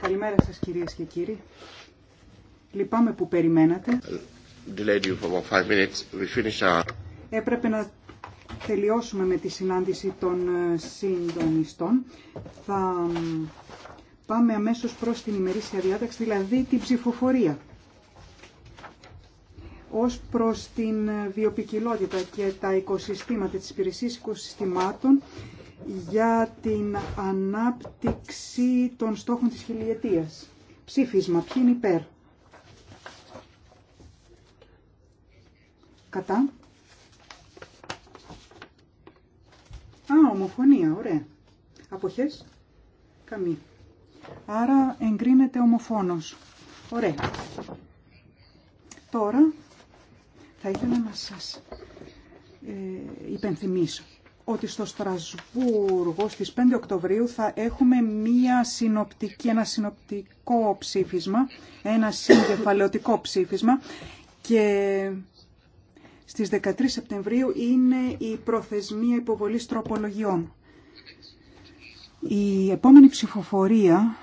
Καλημέρα σας κυρίες και κύριοι. Λυπάμαι που περιμένατε. Έπρεπε να τελειώσουμε με τη συνάντηση των ε, συντονιστών. Θα πάμε αμέσως προς την ημερήσια διάταξη, δηλαδή την ψηφοφορία. Ως προς την ε, βιοπικιλότητα και τα οικοσυστήματα, τις υπηρεσίες οικοσυστημάτων για την ανάπτυξη των στόχων της χιλιετίας. Ψήφισμα. Ποιοι είναι υπέρ. Κατά. Α, ομοφωνία. Ωραία. Αποχές. Καμία. Άρα εγκρίνεται ομοφόνος. Ωραία. Τώρα θα ήθελα να σας ε, υπενθυμίσω ότι στο Στρασβούργο στις 5 Οκτωβρίου θα έχουμε μία συνοπτική, ένα συνοπτικό ψήφισμα, ένα συγκεφαλαιωτικό ψήφισμα και στις 13 Σεπτεμβρίου είναι η προθεσμία υποβολής τροπολογιών. Η επόμενη ψηφοφορία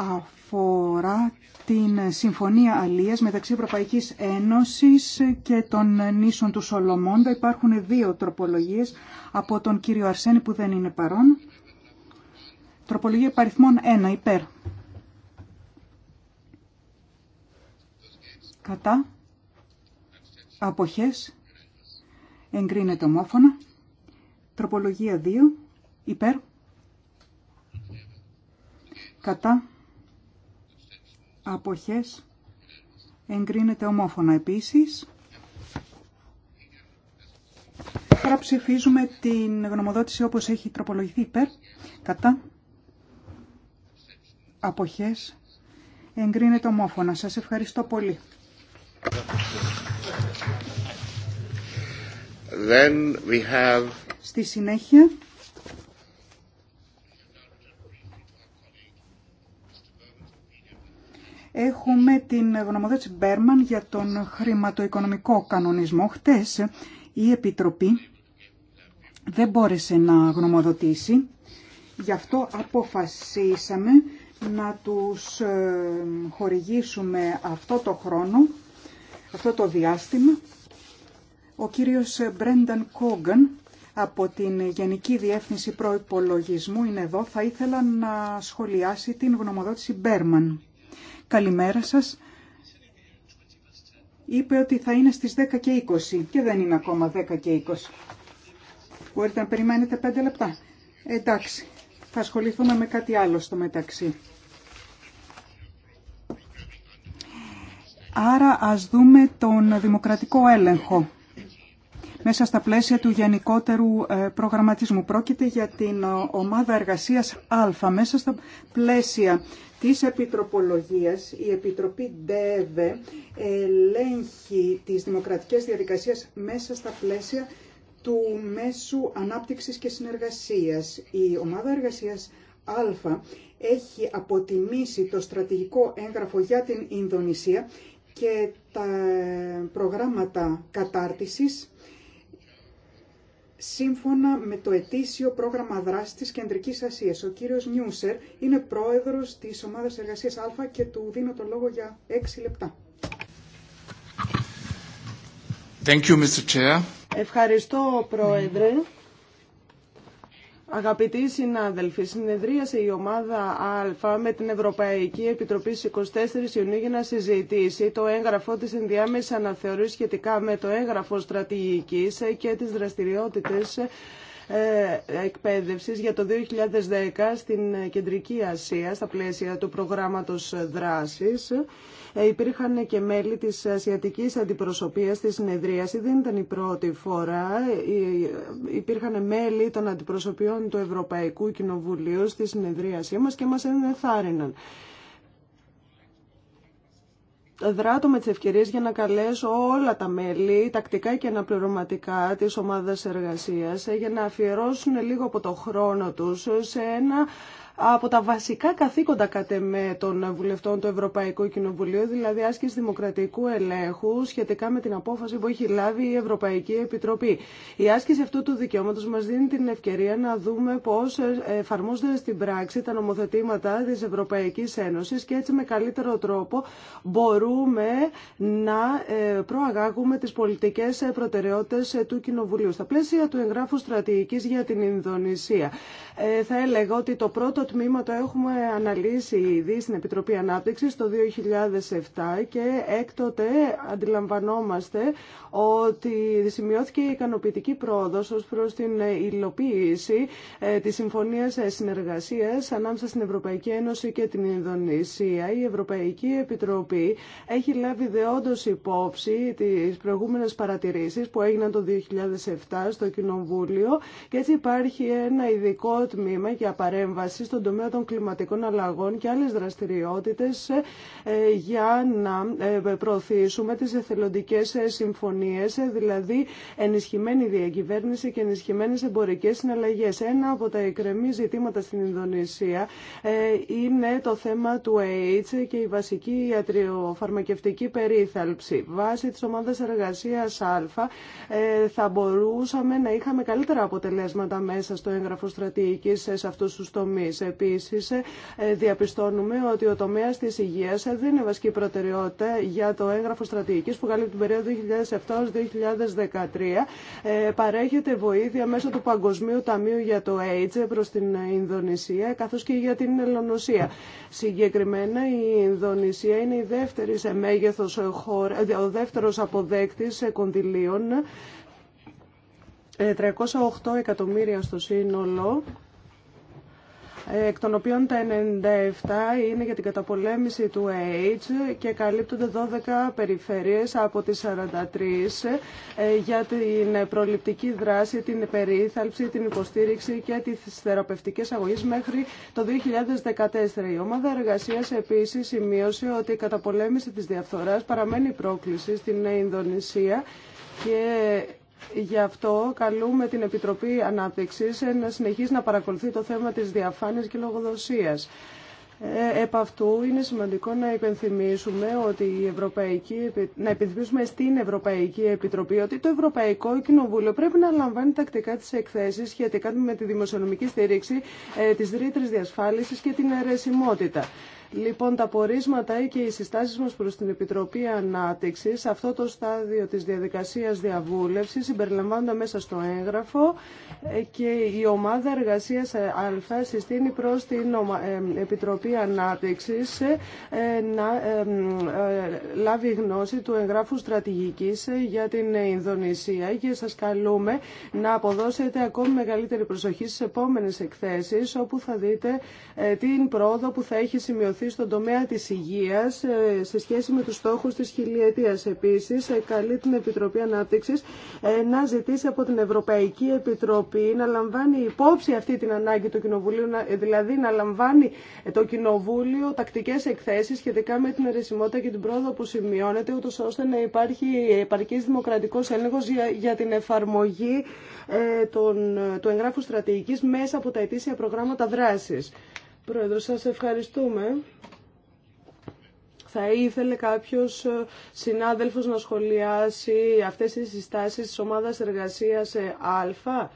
αφορά την Συμφωνία Αλίας μεταξύ Ευρωπαϊκής Ένωσης και των νήσων του Σολομώντα. Υπάρχουν δύο τροπολογίες από τον κύριο Αρσένη που δεν είναι παρόν. Τροπολογία παριθμών 1 υπέρ. Κατά. Αποχές. Εγκρίνεται ομόφωνα. Τροπολογία 2 υπέρ. Κατά αποχές εγκρίνεται ομόφωνα επίσης. Τώρα ψηφίζουμε την γνωμοδότηση όπως έχει τροπολογηθεί υπέρ, κατά, αποχές, εγκρίνεται ομόφωνα. Σας ευχαριστώ πολύ. Then we Στη συνέχεια Έχουμε την γνωμοδότηση Μπέρμαν για τον χρηματοοικονομικό κανονισμό. Χτες η Επιτροπή δεν μπόρεσε να γνωμοδοτήσει. Γι' αυτό αποφασίσαμε να τους ε, χορηγήσουμε αυτό το χρόνο, αυτό το διάστημα. Ο κύριος Μπρένταν Κόγκαν από την Γενική Διεύθυνση Προϋπολογισμού είναι εδώ. Θα ήθελα να σχολιάσει την γνωμοδότηση Μπέρμαν. Καλημέρα σας. Είπε ότι θα είναι στις 10 και 20 και δεν είναι ακόμα 10 και 20. Μπορείτε να περιμένετε 5 λεπτά. Εντάξει, θα ασχοληθούμε με κάτι άλλο στο μεταξύ. Άρα ας δούμε τον δημοκρατικό έλεγχο μέσα στα πλαίσια του γενικότερου ε, προγραμματισμού. Πρόκειται για την ε, ομάδα εργασίας Α μέσα στα πλαίσια της Επιτροπολογίας, η Επιτροπή ΔΕΒΕ ελέγχει τις δημοκρατικές διαδικασίες μέσα στα πλαίσια του Μέσου Ανάπτυξης και Συνεργασίας. Η Ομάδα Εργασίας Α έχει αποτιμήσει το στρατηγικό έγγραφο για την Ινδονησία και τα προγράμματα κατάρτισης σύμφωνα με το ετήσιο πρόγραμμα δράσης της Κεντρικής Ασίας. Ο κύριος Νιούσερ είναι πρόεδρος της Ομάδας Εργασίας Α και του δίνω το λόγο για έξι λεπτά. Thank you, Mr. Chair. Ευχαριστώ, Πρόεδρε. Αγαπητοί συνάδελφοι, συνεδρίασε η ομάδα Α με την Ευρωπαϊκή Επιτροπή στι 24 Ιουνίου για να συζητήσει το έγγραφο της ενδιάμεση αναθεωρή σχετικά με το έγγραφο στρατηγική και τι δραστηριότητες ε, εκπαίδευσης για το 2010 στην Κεντρική Ασία στα πλαίσια του προγράμματος δράσης. Ε, υπήρχαν και μέλη της Ασιατικής Αντιπροσωπείας στη συνεδρίαση. Δεν ήταν η πρώτη φορά. Ε, υπήρχαν μέλη των αντιπροσωπιών του Ευρωπαϊκού Κοινοβουλίου στη συνεδρίασή μας και μας ενθάρρυναν δράτω με τις ευκαιρίες για να καλέσω όλα τα μέλη, τακτικά και αναπληρωματικά της ομάδας εργασίας, για να αφιερώσουν λίγο από το χρόνο τους σε ένα από τα βασικά καθήκοντα κατ' εμέ των βουλευτών του Ευρωπαϊκού Κοινοβουλίου, δηλαδή άσκηση δημοκρατικού ελέγχου σχετικά με την απόφαση που έχει λάβει η Ευρωπαϊκή Επιτροπή. Η άσκηση αυτού του δικαιώματο μα δίνει την ευκαιρία να δούμε πώ εφαρμόζονται στην πράξη τα νομοθετήματα τη Ευρωπαϊκή Ένωση και έτσι με καλύτερο τρόπο μπορούμε να ε, προαγάγουμε τι πολιτικέ προτεραιότητε του Κοινοβουλίου. Στα πλαίσια του εγγράφου στρατηγική για την Ινδονησία, ε, θα έλεγα ότι το πρώτο τμήμα το έχουμε αναλύσει ήδη στην Επιτροπή Ανάπτυξης το 2007 και έκτοτε αντιλαμβανόμαστε ότι σημειώθηκε η ικανοποιητική πρόοδος ως προς την υλοποίηση ε, της Συμφωνίας Συνεργασίας ανάμεσα στην Ευρωπαϊκή Ένωση και την Ινδονησία. Η Ευρωπαϊκή Επιτροπή έχει λάβει δεόντως υπόψη τις προηγούμενες παρατηρήσεις που έγιναν το 2007 στο Κοινοβούλιο και έτσι υπάρχει ένα ειδικό τμήμα για παρέμβαση στον τομέα των κλιματικών αλλαγών και άλλες δραστηριότητες ε, ε, για να ε, προωθήσουμε τις εθελοντικές συμφωνίες, δηλαδή ενισχυμένη διακυβέρνηση και ενισχυμένες εμπορικές συναλλαγές. Ένα από τα εκρεμή ζητήματα στην Ινδονησία είναι το θέμα του AIDS και η βασική ιατριοφαρμακευτική περίθαλψη. Βάσει της ομάδας εργασίας Α θα μπορούσαμε να είχαμε καλύτερα αποτελέσματα μέσα στο έγγραφο στρατηγικής σε αυτούς τους τομείς. Επίσης, ε, διαπιστώνουμε ότι ο τομέας της υγείας ε, δεν είναι βασική προτεραιότητα για το έγγραφο στρατηγικής που καλύπτει την περίοδο 2007-2013. Ε, παρέχεται βοήθεια μέσω του Παγκοσμίου Ταμείου για το AIDS προς την Ινδονησία καθώς και για την Ελλονοσία. Συγκεκριμένα η Ινδονησία είναι η δεύτερη σε μέγεθος χώρα, ο δεύτερος αποδέκτης κονδυλίων 308 εκατομμύρια στο σύνολο ε, εκ των οποίων τα 97 είναι για την καταπολέμηση του AIDS και καλύπτονται 12 περιφέρειες από τις 43 ε, για την προληπτική δράση, την περίθαλψη, την υποστήριξη και τις θεραπευτικές αγωγές μέχρι το 2014. Η ομάδα εργασίας επίσης σημείωσε ότι η καταπολέμηση της διαφθοράς παραμένει πρόκληση στην Ινδονησία και Γι' αυτό καλούμε την Επιτροπή Ανάπτυξης να συνεχίσει να παρακολουθεί το θέμα της διαφάνειας και λογοδοσίας. Ε, επ' αυτού είναι σημαντικό να υπενθυμίσουμε ότι η Ευρωπαϊκή, να υπενθυμίσουμε στην Ευρωπαϊκή Επιτροπή ότι το Ευρωπαϊκό Κοινοβούλιο πρέπει να λαμβάνει τακτικά τις εκθέσεις σχετικά με τη δημοσιονομική στήριξη ε, της ρήτρης διασφάλισης και την αιρεσιμότητα. Λοιπόν, τα πορίσματα και οι συστάσεις μας προς την Επιτροπή ανάπτυξη. σε αυτό το στάδιο της διαδικασίας διαβούλευσης συμπεριλαμβάνονται μέσα στο έγγραφο και η ομάδα εργασίας Α συστήνει προς την ε, Επιτροπή ανάπτυξη ε, να ε, λάβει γνώση του εγγράφου στρατηγικής για την Ινδονησία και σας καλούμε να αποδώσετε ακόμη μεγαλύτερη προσοχή στις επόμενες εκθέσεις όπου θα δείτε την πρόοδο που θα έχει σημειωθεί στον τομέα της υγείας ε, σε σχέση με τους στόχους της χιλιετίας. Επίσης, ε, καλεί την Επιτροπή Ανάπτυξης ε, να ζητήσει από την Ευρωπαϊκή Επιτροπή να λαμβάνει υπόψη αυτή την ανάγκη του Κοινοβουλίου, δηλαδή να λαμβάνει το Κοινοβούλιο τακτικές εκθέσεις σχετικά με την αιρεσιμότητα και την πρόοδο που σημειώνεται, ούτως ώστε να υπάρχει επαρκής δημοκρατικός έλεγχος για την εφαρμογή του εγγράφου στρατηγικής μέσα από τα ετήσια προγράμματα δράσης. Πρόεδρο, σας ευχαριστούμε. Θα ήθελε κάποιος ε, συνάδελφος να σχολιάσει αυτές τις συστάσεις της ομάδας εργασίας Α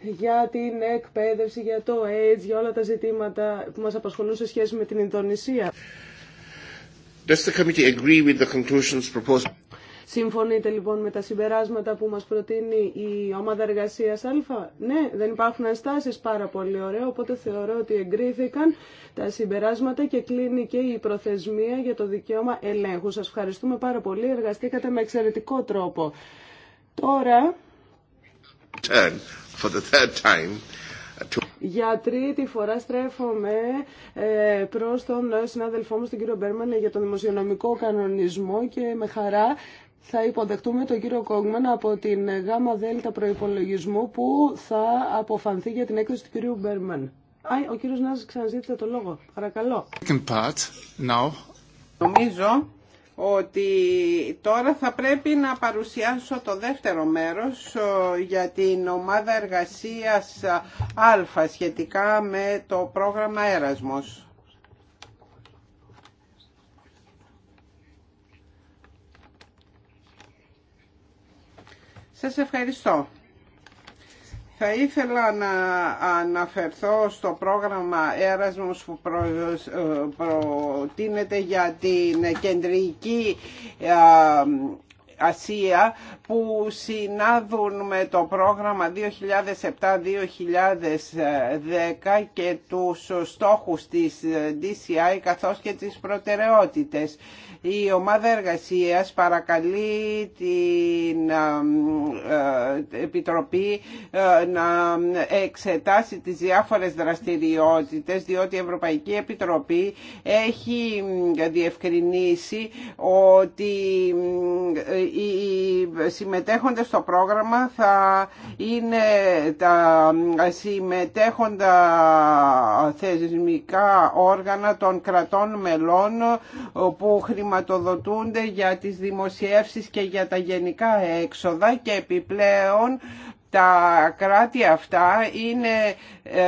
για την εκπαίδευση, για το AIDS, για όλα τα ζητήματα που μας απασχολούν σε σχέση με την Ινδονησία. Συμφωνείτε λοιπόν με τα συμπεράσματα που μας προτείνει η ομάδα εργασίας Α. Ναι, δεν υπάρχουν ενστάσεις πάρα πολύ ωραία, οπότε θεωρώ ότι εγκρίθηκαν τα συμπεράσματα και κλείνει και η προθεσμία για το δικαίωμα ελέγχου. Σας ευχαριστούμε πάρα πολύ, εργαστήκατε με εξαιρετικό τρόπο. Τώρα... Για τρίτη φορά στρέφομαι ε, προς τον συνάδελφό μου, τον κύριο Μπέρμανε, για τον δημοσιονομικό κανονισμό και με χαρά θα υποδεχτούμε τον κύριο Κόγκμαν από την ΓΑΜΑ ΔΕΛΤΑ προϋπολογισμού που θα αποφανθεί για την έκδοση του κυρίου Μπέρμαν. Α, ο κύριος Νάζης ξαναζήτησε το λόγο. Παρακαλώ. Part, Νομίζω ότι τώρα θα πρέπει να παρουσιάσω το δεύτερο μέρος ε, για την ομάδα εργασίας Α σχετικά με το πρόγραμμα Έρασμος. Σας ευχαριστώ. Θα ήθελα να αναφερθώ στο πρόγραμμα Erasmus που ε, προτείνεται για την κεντρική ε, Ασία που συνάδουν με το πρόγραμμα 2007-2010 και τους στόχους της ε, DCI καθώς και τις προτεραιότητες. Η ομάδα εργασίας παρακαλεί την ε, Επιτροπή ε, να εξετάσει τις διάφορες δραστηριότητες διότι η Ευρωπαϊκή Επιτροπή έχει διευκρινίσει ότι οι συμμετέχοντες στο πρόγραμμα θα είναι τα συμμετέχοντα θεσμικά όργανα των κρατών μελών που χρηματοδοτούνται για τις δημοσιεύσεις και για τα γενικά έξοδα και επιπλέον τα κράτη αυτά είναι, ε,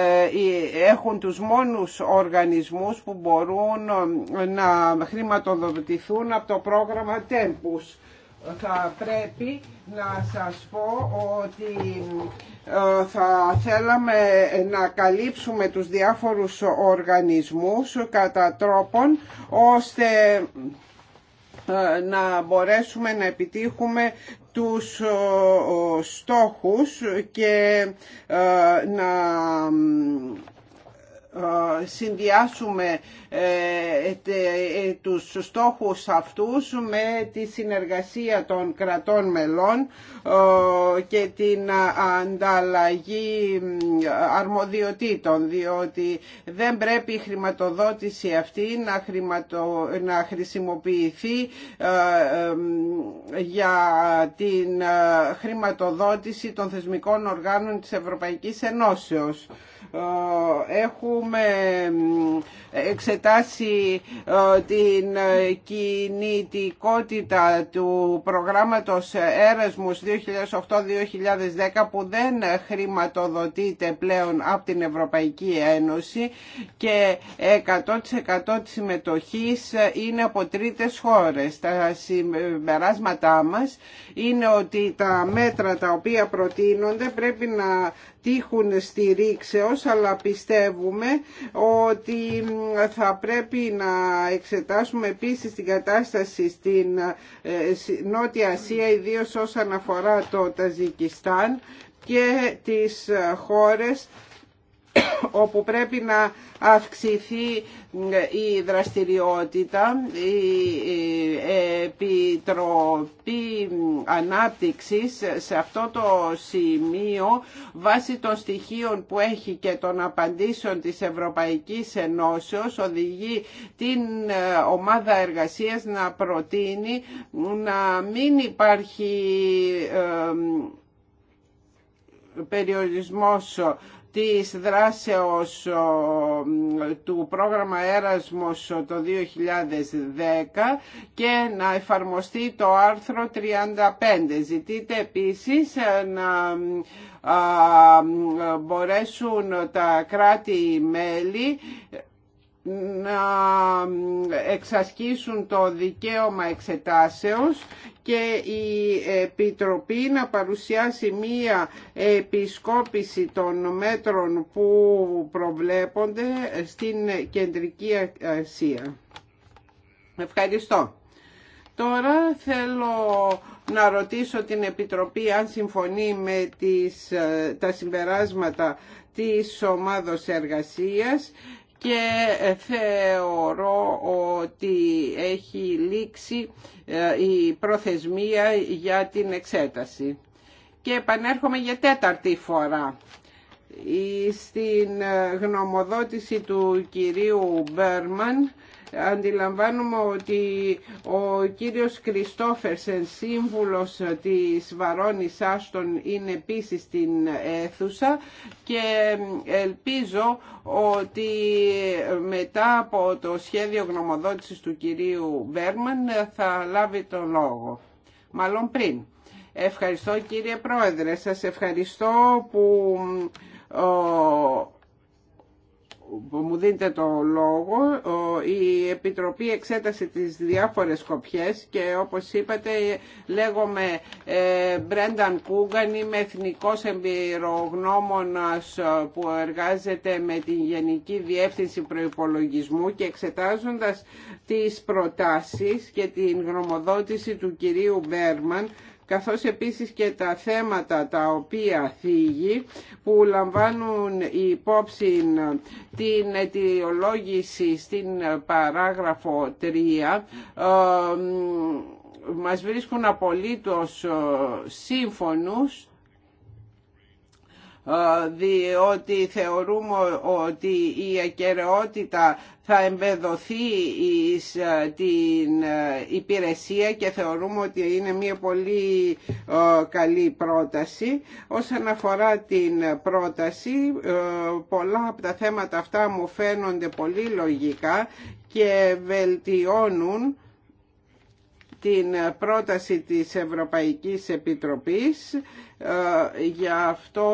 έχουν τους μόνους οργανισμούς που μπορούν ε, να χρηματοδοτηθούν από το πρόγραμμα Tempus. Θα πρέπει να σας πω ότι ε, θα θέλαμε να καλύψουμε τους διάφορους οργανισμούς κατά τρόπον ώστε ε, να μπορέσουμε να επιτύχουμε τους ε, στόχους και ε, να συνδυάσουμε ε, ε, τους στόχους αυτούς με τη συνεργασία των κρατών μελών ε, και την ανταλλαγή αρμοδιοτήτων διότι δεν πρέπει η χρηματοδότηση αυτή να, χρηματο... να χρησιμοποιηθεί για την χρηματοδότηση των θεσμικών οργάνων της Ευρωπαϊκής Ενώσεως. Ε, έχουμε εξετάσει ε, την ε, κινητικότητα του προγραμματος ερεσμους Έρασμους 2008-2010 που δεν χρηματοδοτείται πλέον από την Ευρωπαϊκή Ένωση και 100% της συμμετοχής είναι από τρίτες χώρες. Τα συμπεράσματά μας είναι ότι τα μέτρα τα οποία προτείνονται πρέπει να τύχουν στηρίξεως αλλά πιστεύουμε ότι θα πρέπει να εξετάσουμε επίσης την κατάσταση στην ε, Νότια Ασία ιδίως όσον αφορά το Ταζικιστάν και τις ε, χώρες όπου πρέπει να αυξηθεί η δραστηριότητα, η Επιτροπή Ανάπτυξης σε αυτό το σημείο βάσει των στοιχείων που έχει και των απαντήσεων της Ευρωπαϊκής Ενώσεως οδηγεί την ε, ομάδα εργασίας να προτείνει να μην υπάρχει ε, περιορισμός της δράσεως του πρόγραμμα Έρασμος το 2010 και να εφαρμοστεί το άρθρο 35. Ζητείτε επίσης να μπορέσουν τα κράτη-μέλη να εξασκήσουν το δικαίωμα εξετάσεως και η Επιτροπή να παρουσιάσει μία επισκόπηση των μέτρων που προβλέπονται στην Κεντρική Ασία. Ευχαριστώ. Τώρα θέλω να ρωτήσω την Επιτροπή αν συμφωνεί με τις, τα συμπεράσματα της ομάδος εργασίας και ε, θεωρώ ότι έχει λήξει ε, η προθεσμία για την εξέταση. Και επανέρχομαι για τέταρτη φορά στην ε, γνωμοδότηση του κυρίου Μπέρμαν αντιλαμβάνουμε ότι ο κύριος Κριστόφερσεν, σύμβουλος της Βαρόνης Άστον, είναι επίση στην αίθουσα και ελπίζω ότι μετά από το σχέδιο γνωμοδότησης του κυρίου Βέρμαν θα λάβει τον λόγο. Μάλλον πριν. Ευχαριστώ κύριε Πρόεδρε, σας ευχαριστώ που μου δίνετε το λόγο, η Επιτροπή εξέτασε τις διάφορες κοπιές και όπως είπατε λέγομαι ε, Μπρένταν Κούγκαν, είμαι εθνικός εμπειρογνώμονας ε, που εργάζεται με την Γενική Διεύθυνση Προϋπολογισμού και εξετάζοντας τις προτάσεις και την γνωμοδότηση του κυρίου Μπέρμαν καθώς επίσης και τα θέματα τα οποία θίγει που λαμβάνουν υπόψη την αιτιολόγηση στην παράγραφο 3 ε, μας βρίσκουν απολύτως ε, σύμφωνους διότι θεωρούμε ότι η ακεραιότητα θα εμπεδοθεί εις την υπηρεσία και θεωρούμε ότι είναι μια πολύ καλή πρόταση. Όσον αφορά την πρόταση, πολλά από τα θέματα αυτά μου φαίνονται πολύ λογικά και βελτιώνουν την πρόταση της Ευρωπαϊκής Επιτροπής ε, για αυτό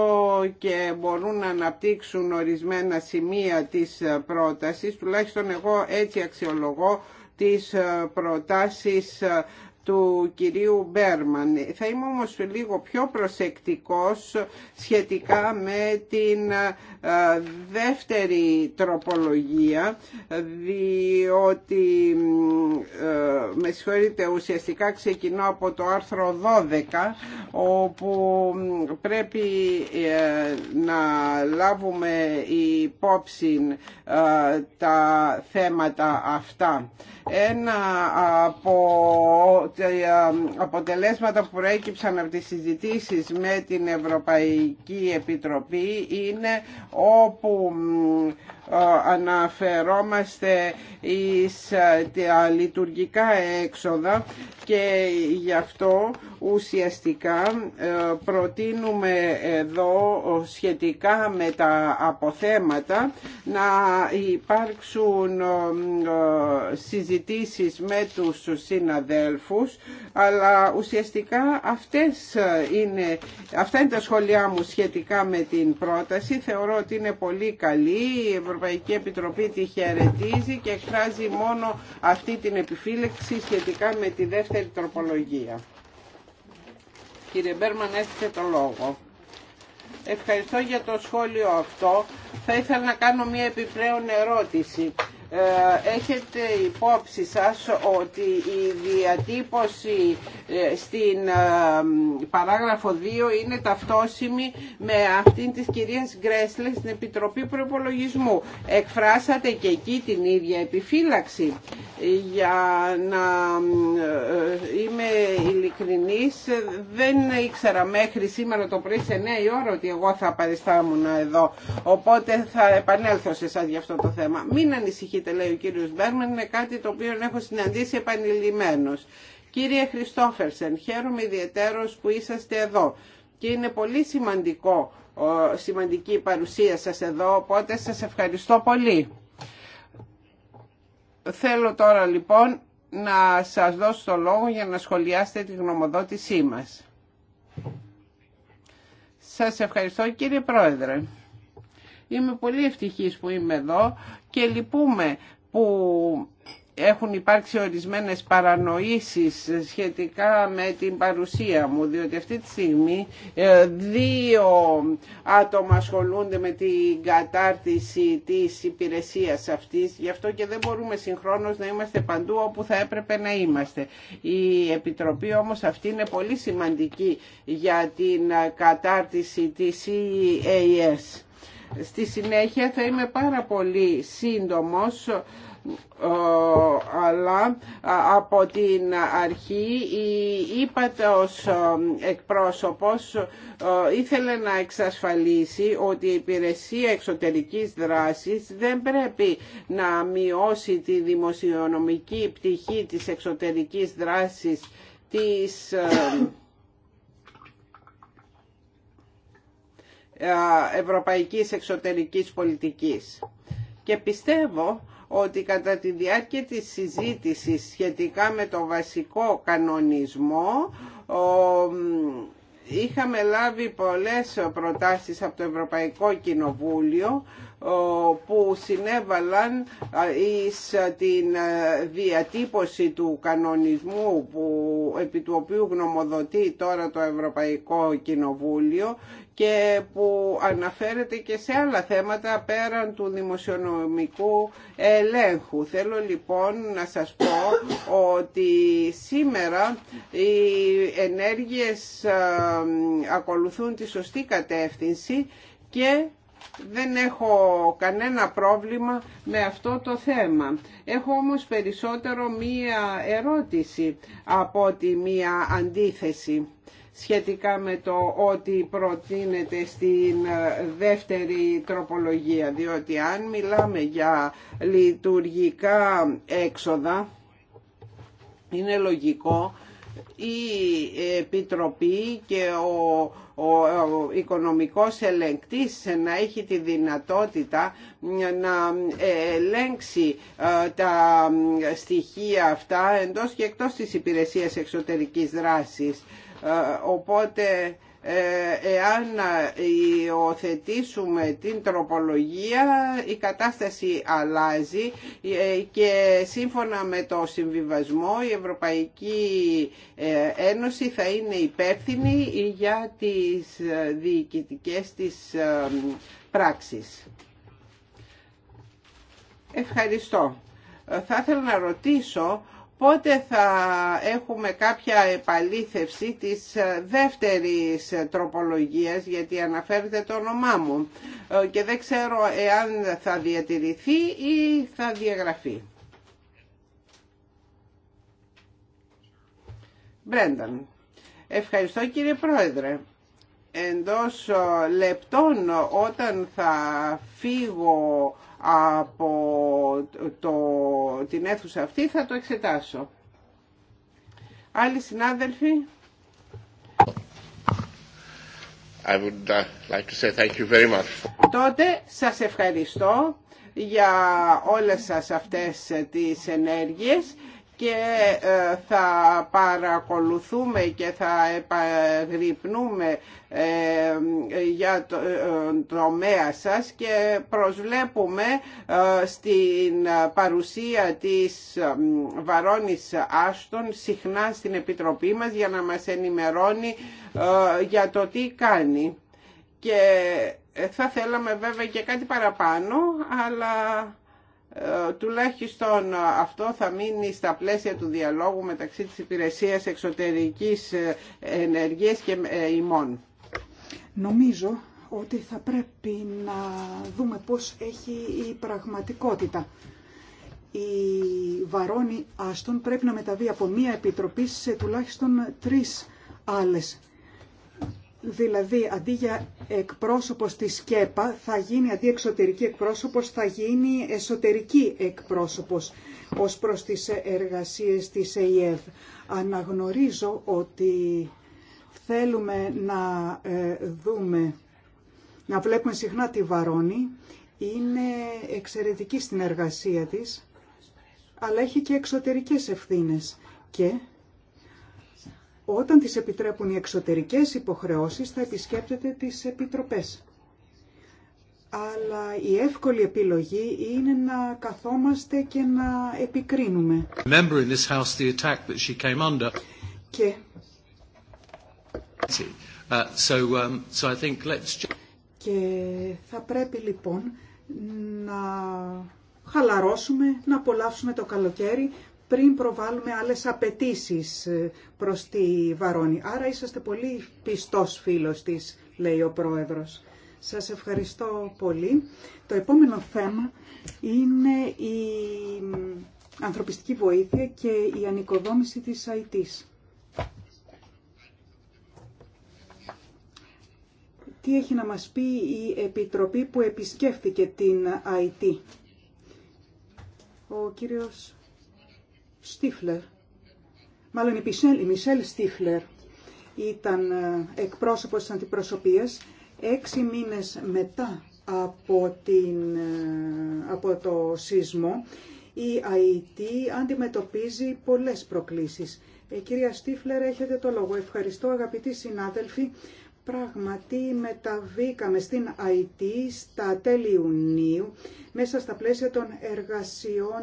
και μπορούν να αναπτύξουν ορισμένα σημεία της πρότασης τουλάχιστον εγώ έτσι αξιολογώ τις ε, προτάσεις ε, του κυρίου Μπέρμαν. Θα είμαι όμως λίγο πιο προσεκτικός σχετικά με την ε, δεύτερη τροπολογία διότι ε, με συγχωρείτε ουσιαστικά ξεκινώ από το άρθρο 12 όπου πρέπει ε, να λάβουμε υπόψη τα θέματα αυτά. Ένα από τα αποτελέσματα που προέκυψαν από τις συζητήσεις με την Ευρωπαϊκή Επιτροπή είναι όπου ε, αναφερόμαστε εις ε, τα λειτουργικά έξοδα και γι' αυτό ουσιαστικά ε, προτείνουμε εδώ σχετικά με τα αποθέματα να υπάρξουν συζητήσεις με τους συναδέλφους αλλά ουσιαστικά αυτές είναι, αυτά είναι τα σχόλιά μου σχετικά με την πρόταση θεωρώ ότι είναι πολύ καλή Ευρωπαϊκή Επιτροπή τη χαιρετίζει και εκφράζει μόνο αυτή την επιφύλεξη σχετικά με τη δεύτερη τροπολογία. Κύριε Μπέρμαν, έχετε το λόγο. Ευχαριστώ για το σχόλιο αυτό. Θα ήθελα να κάνω μια επιπλέον ερώτηση. Ε, έχετε υπόψη σας ότι η διατύπωση ε, στην ε, παράγραφο 2 είναι ταυτόσιμη με αυτήν της κυρίας Γκρέσλε στην Επιτροπή Προπολογισμού. Εκφράσατε και εκεί την ίδια επιφύλαξη. Για να είμαι ειλικρινής, δεν ήξερα μέχρι σήμερα το πρωί σε 9 η ώρα ότι εγώ θα παριστάμουν εδώ. Οπότε θα επανέλθω σε εσάς για αυτό το θέμα. Μην ανησυχείτε έρχεται, λέει ο είναι κάτι το οποίο έχω συναντήσει επανειλημμένος. Κύριε Χριστόφερσεν, χαίρομαι ιδιαίτερος που είσαστε εδώ και είναι πολύ σημαντικό, σημαντική η παρουσία σας εδώ, οπότε σας ευχαριστώ πολύ. Θέλω τώρα λοιπόν να σας δώσω το λόγο για να σχολιάσετε τη γνωμοδότησή μας. Σας ευχαριστώ κύριε Πρόεδρε. Είμαι πολύ ευτυχής που είμαι εδώ και λυπούμε που έχουν υπάρξει ορισμένες παρανοήσεις σχετικά με την παρουσία μου, διότι αυτή τη στιγμή ε, δύο άτομα ασχολούνται με την κατάρτιση της υπηρεσίας αυτής, γι' αυτό και δεν μπορούμε συγχρόνως να είμαστε παντού όπου θα έπρεπε να είμαστε. Η Επιτροπή όμως αυτή είναι πολύ σημαντική για την κατάρτιση της EAS. Στη συνέχεια θα είμαι πάρα πολύ σύντομος ε, αλλά ε, από την αρχή η ύπατος ε, εκπρόσωπος ήθελε να εξασφαλίσει ότι η υπηρεσία εξωτερικής δράσης δεν πρέπει να μειώσει τη δημοσιονομική πτυχή της εξωτερικής δράσης της ευρωπαϊκής εξωτερικής πολιτικής. Και πιστεύω ότι κατά τη διάρκεια της συζήτησης σχετικά με το βασικό κανονισμό είχαμε λάβει πολλές προτάσεις από το Ευρωπαϊκό Κοινοβούλιο που συνέβαλαν εις την διατύπωση του κανονισμού που, επί του οποίου γνωμοδοτεί τώρα το Ευρωπαϊκό Κοινοβούλιο και που αναφέρεται και σε άλλα θέματα πέραν του δημοσιονομικού ελέγχου. Θέλω λοιπόν να σας πω ότι σήμερα οι ενέργειες ακολουθούν τη σωστή κατεύθυνση και δεν έχω κανένα πρόβλημα με αυτό το θέμα. Έχω όμως περισσότερο μία ερώτηση από τη μία αντίθεση σχετικά με το ότι προτείνεται στην ε, δεύτερη τροπολογία διότι αν μιλάμε για λειτουργικά έξοδα είναι λογικό η Επιτροπή και ο, ο, ο οικονομικός ελεγκτής να έχει τη δυνατότητα να ελέγξει ε, τα στοιχεία αυτά εντός και εκτός της υπηρεσίας εξωτερικής δράσης. Ε, οπότε ε, εάν υιοθετήσουμε την τροπολογία η κατάσταση αλλάζει ε, και σύμφωνα με το συμβιβασμό η Ευρωπαϊκή Ένωση θα είναι υπεύθυνη για τις διοικητικές της πράξεις. Ευχαριστώ. Θα ήθελα να ρωτήσω πότε θα έχουμε κάποια επαλήθευση της δεύτερης τροπολογίας γιατί αναφέρεται το όνομά μου ε, και δεν ξέρω εάν θα διατηρηθεί ή θα διαγραφεί. Μπρένταν. Ευχαριστώ κύριε Πρόεδρε εντός ε, λεπτών όταν θα φύγω από το, την αίθουσα αυτή θα το εξετάσω. Άλλοι συνάδελφοι. I would uh, like to say thank you very much. Τότε σας ευχαριστώ για όλες σας αυτές τις ενέργειες και ε, θα παρακολουθούμε και θα επαγρυπνούμε ε, για το ε, τομέα σας και προσβλέπουμε στην παρουσία της Βαρόνης Άστον συχνά στην Επιτροπή μας για να μας ενημερώνει για το τι κάνει. Και θα θέλαμε βέβαια και κάτι παραπάνω, αλλά ε, τουλάχιστον αυτό θα μείνει στα πλαίσια του διαλόγου μεταξύ της υπηρεσίας εξωτερικής ε, ενεργείας και ε, ημών. Νομίζω ότι θα πρέπει να δούμε πώς έχει η πραγματικότητα. Η Βαρόνη Άστον πρέπει να μεταβεί από μία επιτροπή σε τουλάχιστον τρεις άλλες Δηλαδή, αντί για εκπρόσωπος της ΚΕΠΑ, θα γίνει, αντί εξωτερική εκπρόσωπος, θα γίνει εσωτερική εκπρόσωπος ως προς τις εργασίες της ΕΙΕΒ. Αναγνωρίζω ότι θέλουμε να ε, δούμε, να βλέπουμε συχνά τη Βαρόνη, είναι εξαιρετική στην εργασία της, αλλά έχει και εξωτερικές ευθύνες και όταν τις επιτρέπουν οι εξωτερικές υποχρεώσεις θα επισκέπτεται τις επιτροπές. Αλλά η εύκολη επιλογή είναι να καθόμαστε και να επικρίνουμε. Και... και θα πρέπει λοιπόν να χαλαρώσουμε, να απολαύσουμε το καλοκαίρι πριν προβάλλουμε άλλες απαιτήσει ε, προς τη Βαρόνη. Άρα είσαστε πολύ πιστός φίλος της, λέει ο Πρόεδρος. Σας ευχαριστώ πολύ. Το επόμενο θέμα είναι η ανθρωπιστική βοήθεια και η ανοικοδόμηση της ΑΙΤΙΣ. Τι έχει να μας πει η Επιτροπή που επισκέφθηκε την ΑΙΤ. Ο κύριος Στίφλερ, μάλλον η, η Μισελ Στίφλερ ήταν ε, εκπρόσωπος της αντιπροσωπείας έξι μήνες μετά από, την, ε, από το σεισμό η ΑΕΤ αντιμετωπίζει πολλές προκλήσεις. Ε, κυρία Στίφλερ, έχετε το λόγο. Ευχαριστώ αγαπητοί συνάδελφοι Πράγματι μεταβήκαμε στην ΑΙΤΗ στα τέλη Ιουνίου μέσα στα πλαίσια των εργασιών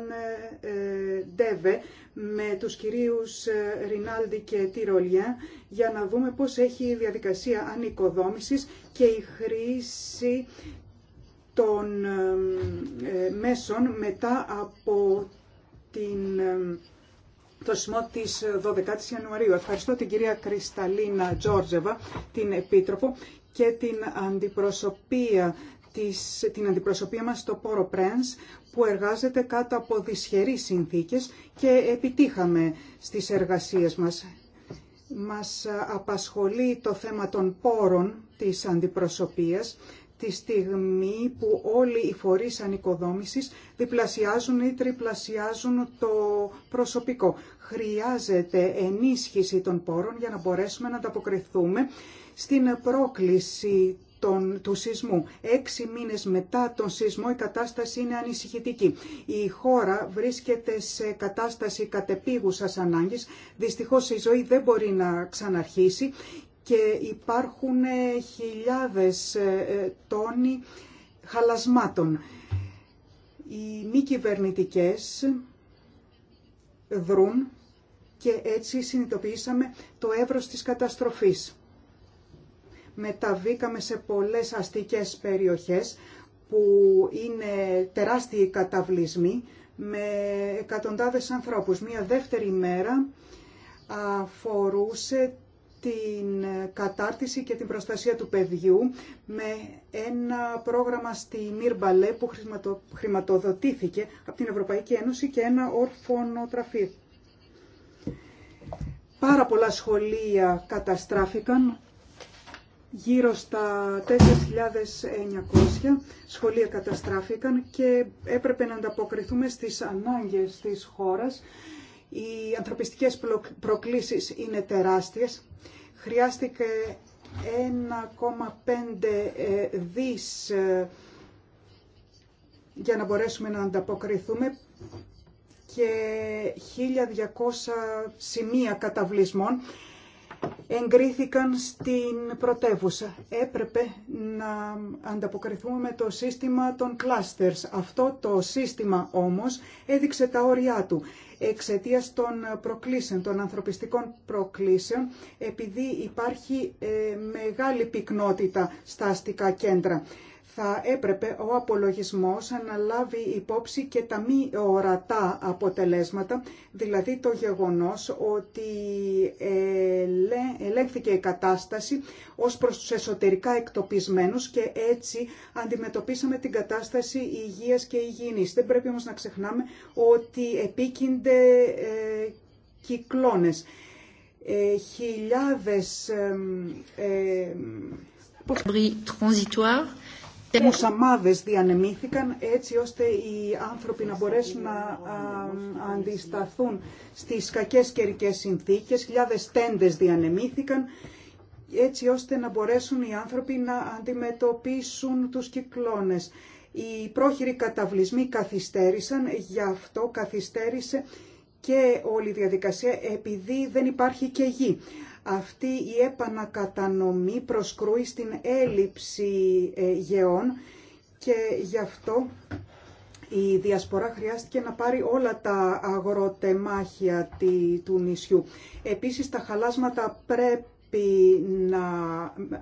ΔΕΒΕ ε, ε, με τους κυρίους ε, Ρινάλντι και Τιρολιά για να δούμε πώς έχει η διαδικασία ανοικοδόμησης και η χρήση των μέσων μετά από την το σημό τη 12 η Ιανουαρίου. Ευχαριστώ την κυρία Κρυσταλίνα Τζόρτζεβα, την Επίτροπο και την αντιπροσωπεία της, την αντιπροσωπεία μας στο Πόρο Πρένς που εργάζεται κάτω από δυσχερείς συνθήκες και επιτύχαμε στις εργασίες μας. Μας απασχολεί το θέμα των πόρων της αντιπροσωπείας τη στιγμή που όλοι οι φορείς ανοικοδόμησης διπλασιάζουν ή τριπλασιάζουν το προσωπικό. Χρειάζεται ενίσχυση των πόρων για να μπορέσουμε να ανταποκριθούμε στην πρόκληση τον, του σεισμού. Έξι μήνες μετά τον σεισμό η κατάσταση είναι ανησυχητική. Η χώρα βρίσκεται σε κατάσταση κατεπίγουσας ανάγκης. Δυστυχώς η ζωή δεν μπορεί να ξαναρχίσει και υπάρχουν ε, χιλιάδες ε, ε, τόνοι χαλασμάτων. Οι μη κυβερνητικέ δρούν και έτσι συνειδητοποιήσαμε το εύρος της καταστροφής. Μεταβήκαμε σε πολλές αστικές περιοχές που είναι τεράστιοι καταβλισμοί με εκατοντάδες ανθρώπους. Μία δεύτερη μέρα αφορούσε την κατάρτιση και την προστασία του παιδιού με ένα πρόγραμμα στη Μύρμπαλέ που χρηματοδοτήθηκε από την Ευρωπαϊκή Ένωση και ένα τραφή. Πάρα πολλά σχολεία καταστράφηκαν, γύρω στα 4.900 σχολεία καταστράφηκαν και έπρεπε να ανταποκριθούμε στις ανάγκες της χώρας οι ανθρωπιστικές προκλήσεις είναι τεράστιες. Χρειάστηκε 1,5 ε, δις ε, για να μπορέσουμε να ανταποκριθούμε και 1.200 σημεία καταβλισμών εγκρίθηκαν στην πρωτεύουσα. Έπρεπε να ανταποκριθούμε με το σύστημα των clusters. Αυτό το σύστημα όμως έδειξε τα όρια του. Εξαιτία των προκλήσεων, των ανθρωπιστικών προκλήσεων, επειδή υπάρχει ε, μεγάλη πυκνότητα στα αστικά κέντρα θα έπρεπε ο απολογισμός να λάβει υπόψη και τα μη ορατά αποτελέσματα, δηλαδή το γεγονός ότι ελέγχθηκε η κατάσταση ως προς τους εσωτερικά εκτοπισμένους και έτσι αντιμετωπίσαμε την κατάσταση υγείας και υγιεινής. Δεν πρέπει όμως να ξεχνάμε ότι επίκυνται ε, κυκλώνες. Ε, χιλιάδες... Ε, ε, Μουσαμάδες διανεμήθηκαν έτσι ώστε οι άνθρωποι να μπορέσουν να αντισταθούν στις κακές καιρικές συνθήκες. Χιλιάδες τέντες διανεμήθηκαν έτσι ώστε να μπορέσουν οι άνθρωποι να αντιμετωπίσουν τους κυκλώνες. Οι πρόχειροι καταβλισμοί καθυστέρησαν, γι' αυτό καθυστέρησε και όλη η διαδικασία επειδή δεν υπάρχει και γη αυτή η επανακατανομή προσκρούει στην έλλειψη ε, γεών και γι' αυτό η Διασπορά χρειάστηκε να πάρει όλα τα αγροτεμάχια του νησιού. Επίσης τα χαλάσματα πρέπει να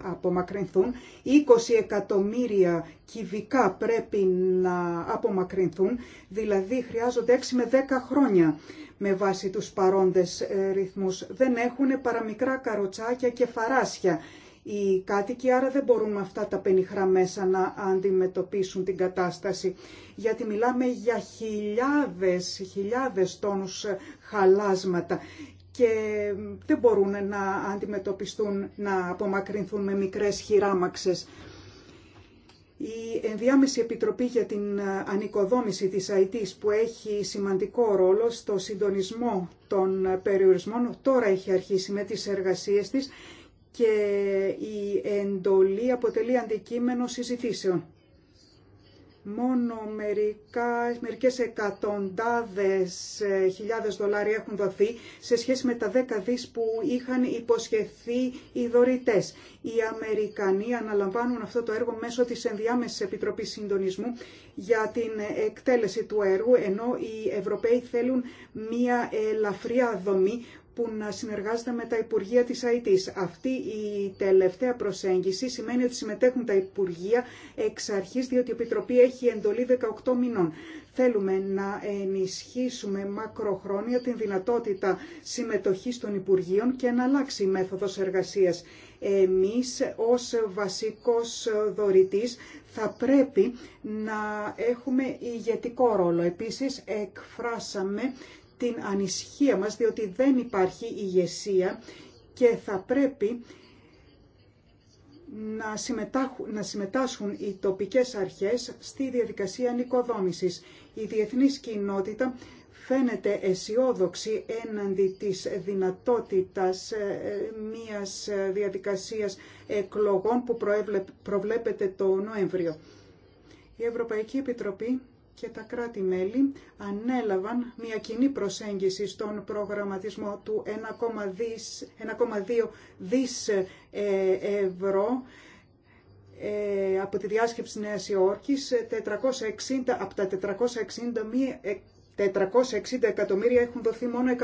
απομακρυνθούν, 20 εκατομμύρια κυβικά πρέπει να απομακρυνθούν, δηλαδή χρειάζονται 6 με 10 χρόνια με βάση τους παρόντες ε, ρυθμούς. Δεν έχουν παρά μικρά καροτσάκια και φαράσια οι κάτοικοι, άρα δεν μπορούν αυτά τα πενιχρά μέσα να αντιμετωπίσουν την κατάσταση. Γιατί μιλάμε για χιλιάδες, χιλιάδες τόνους ε, χαλάσματα και δεν μπορούν να αντιμετωπιστούν, να απομακρυνθούν με μικρές χειράμαξες. Η Ενδιάμεση Επιτροπή για την Ανοικοδόμηση της ΑΕΤΙΣ που έχει σημαντικό ρόλο στο συντονισμό των περιορισμών τώρα έχει αρχίσει με τις εργασίες της και η εντολή αποτελεί αντικείμενο συζητήσεων μόνο μερικά, μερικές εκατοντάδες ε, χιλιάδες δολάρια έχουν δοθεί σε σχέση με τα δέκα δις που είχαν υποσχεθεί οι δωρητές. Οι Αμερικανοί αναλαμβάνουν αυτό το έργο μέσω της ενδιάμεσης Επιτροπής Συντονισμού για την εκτέλεση του έργου, ενώ οι Ευρωπαίοι θέλουν μία ελαφριά δομή που να συνεργάζεται με τα Υπουργεία της ΑΕΤΙΣ. Αυτή η τελευταία προσέγγιση σημαίνει ότι συμμετέχουν τα Υπουργεία εξ αρχής, διότι η Επιτροπή έχει εντολή 18 μηνών. Θέλουμε να ενισχύσουμε μακροχρόνια την δυνατότητα συμμετοχής των Υπουργείων και να αλλάξει η μέθοδος εργασίας. Εμείς ως βασικός δωρητής θα πρέπει να έχουμε ηγετικό ρόλο. Επίσης εκφράσαμε την ανησυχία μας, διότι δεν υπάρχει ηγεσία και θα πρέπει να συμμετάσχουν, να συμμετάσχουν οι τοπικές αρχές στη διαδικασία νοικοδόμησης. Η διεθνής κοινότητα φαίνεται αισιόδοξη έναντι της δυνατότητας ε, μιας διαδικασίας εκλογών που προβλέπεται το Νοέμβριο. Η Ευρωπαϊκή Επιτροπή και τα κράτη-μέλη ανέλαβαν μια κοινή προσέγγιση στον προγραμματισμό του 1,2 δις ε, ευρώ ε, από τη διάσκεψη της Νέας Υόρκης, 460, ε, από τα 460, 460 εκατομμύρια έχουν δοθεί μόνο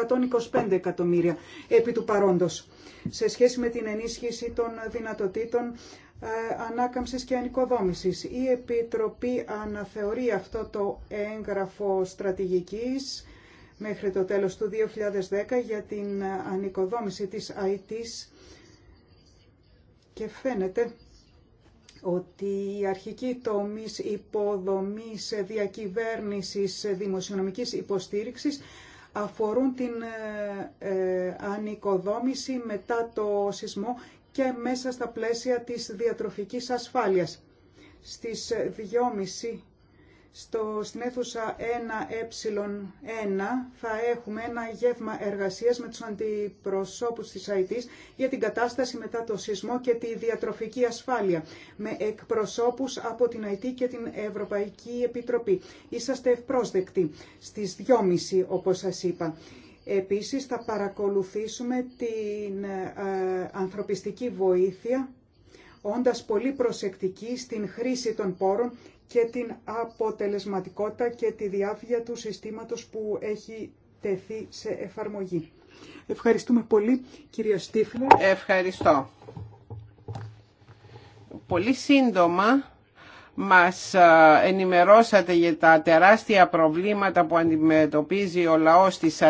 125 εκατομμύρια επί του παρόντος σε σχέση με την ενίσχυση των δυνατοτήτων ε, ανάκαμψης και ανοικοδόμησης. Η Επιτροπή αναθεωρεί αυτό το έγγραφο στρατηγικής μέχρι το τέλος του 2010 για την ανοικοδόμηση της IT και φαίνεται ότι οι αρχική τομείς υποδομής διακυβέρνησης δημοσιονομικής υποστήριξης αφορούν την ε, ε ανοικοδόμηση μετά το σεισμό και μέσα στα πλαίσια της διατροφικής ασφάλειας. Στις 2.30 στο, στην αίθουσα 1Ε1 θα έχουμε ένα γεύμα εργασίας με τους αντιπροσώπους της ΑΕΤ για την κατάσταση μετά το σεισμό και τη διατροφική ασφάλεια με εκπροσώπους από την ΑΕΤ και την Ευρωπαϊκή Επιτροπή. Είσαστε ευπρόσδεκτοι στις 2.30 όπως σας είπα. Επίσης θα παρακολουθήσουμε την ε, ανθρωπιστική βοήθεια, όντας πολύ προσεκτική στην χρήση των πόρων και την αποτελεσματικότητα και τη διάφυγια του συστήματος που έχει τεθεί σε εφαρμογή. Ευχαριστούμε πολύ, κυρία Στίφλερ. Ευχαριστώ. Πολύ σύντομα μας ενημερώσατε για τα τεράστια προβλήματα που αντιμετωπίζει ο λαός της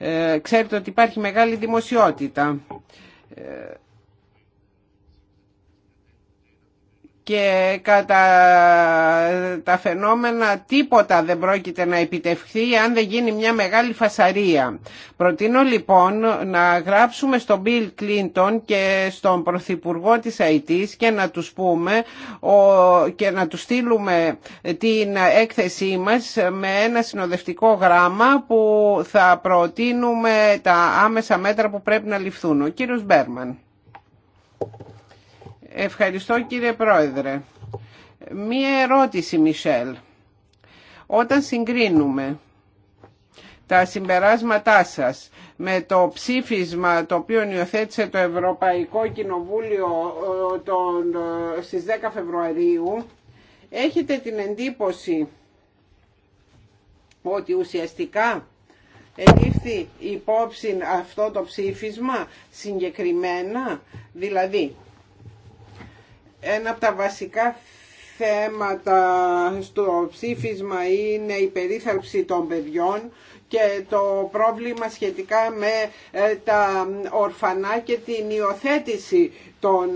Ε, Ξέρετε ότι υπάρχει μεγάλη δημοσιότητα ε, και κατά τα φαινόμενα τίποτα δεν πρόκειται να επιτευχθεί αν δεν γίνει μια μεγάλη φασαρία. Προτείνω λοιπόν να γράψουμε στον Bill Clinton και στον Πρωθυπουργό της Αιτής και να τους πούμε και να τους στείλουμε την έκθεσή μας με ένα συνοδευτικό γράμμα που θα προτείνουμε τα άμεσα μέτρα που πρέπει να ληφθούν. Ο κύριος Μπέρμαν. Ευχαριστώ κύριε Πρόεδρε. Μία ερώτηση Μισελ. Όταν συγκρίνουμε τα συμπεράσματά σας με το ψήφισμα το οποίο υιοθέτησε το Ευρωπαϊκό Κοινοβούλιο ε, τον, ε, στις 10 Φεβρουαρίου, έχετε την εντύπωση ότι ουσιαστικά ελήφθη υπόψη αυτό το ψήφισμα συγκεκριμένα, δηλαδή ένα από τα βασικά θέματα στο ψήφισμα είναι η περίθαλψη των παιδιών και το πρόβλημα σχετικά με ε, τα ορφανά και την υιοθέτηση των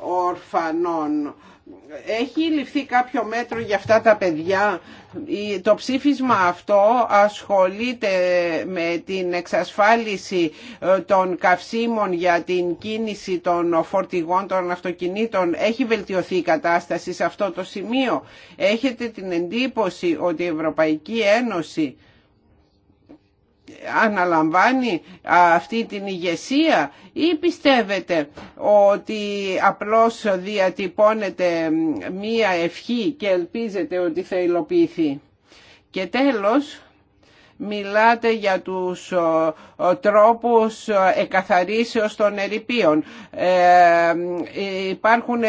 ορφανών έχει ληφθεί κάποιο μέτρο για αυτά τα παιδιά. Το ψήφισμα αυτό ασχολείται με την εξασφάλιση ε, των καυσίμων για την κίνηση των φορτηγών των αυτοκινήτων. Έχει βελτιωθεί η κατάσταση σε αυτό το σημείο. Έχετε την εντύπωση ότι η Ευρωπαϊκή Ένωση αναλαμβάνει αυτή την ηγεσία ή πιστεύετε ότι απλώς διατυπώνεται μία ευχή και ελπίζετε ότι θα υλοποιηθεί. Και τέλος, μιλάτε για τους τρόπους εκαθαρίσεως των ερηπείων. Ε, υπάρχουν ε,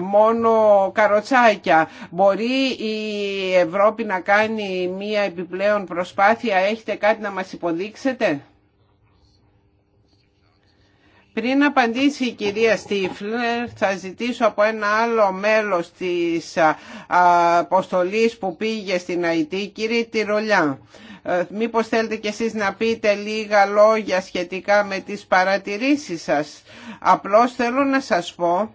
μόνο καροτσάκια. Μπορεί η Ευρώπη να κάνει μία επιπλέον προσπάθεια. Έχετε κάτι να μας υποδείξετε. Πριν απαντήσει η κυρία Στίφλερ, θα ζητήσω από ένα άλλο μέλος της αποστολής που πήγε στην Αϊτή, κύριε Τυρολιά. Ε, μήπως θέλετε κι εσείς να πείτε λίγα λόγια σχετικά με τις παρατηρήσεις σας. Απλώς θέλω να σας πω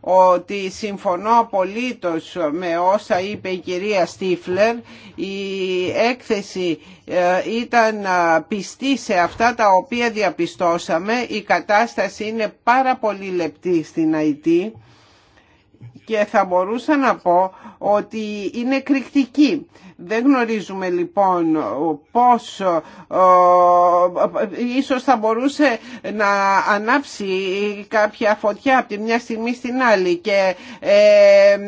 ότι συμφωνώ απολύτως με όσα είπε η κυρία Στίφλερ. Η έκθεση ε, ήταν ε, πιστή σε αυτά τα οποία διαπιστώσαμε. Η κατάσταση είναι πάρα πολύ λεπτή στην ΑΕΤ και θα μπορούσα να πω ότι είναι κρυκτική. Δεν γνωρίζουμε λοιπόν πώς ίσως θα μπορούσε να ανάψει κάποια φωτιά από τη μια στιγμή στην άλλη και ε,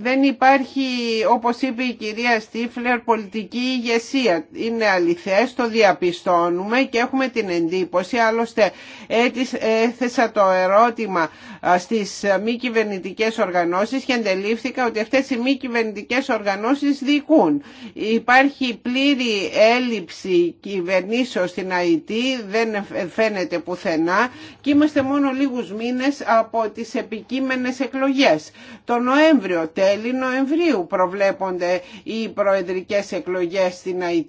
δεν υπάρχει όπως είπε η κυρία Στίφλερ πολιτική ηγεσία. Είναι αληθές, το διαπιστώνουμε και έχουμε την εντύπωση άλλωστε ε, ε, έθεσα το ερώτημα στις μη κυβερνητικέ οργανώσεις και αντελήφθηκα ότι αυτές οι μη κυβερνητικέ οργανώσεις δικούν. Υπάρχει πλήρη έλλειψη κυβερνήσεως στην ΑΕΤ, δεν φαίνεται πουθενά και είμαστε μόνο λίγους μήνες από τις επικείμενες εκλογές. Το Νοέμβριο, τέλη Νοεμβρίου προβλέπονται οι προεδρικές εκλογές στην ΑΕΤ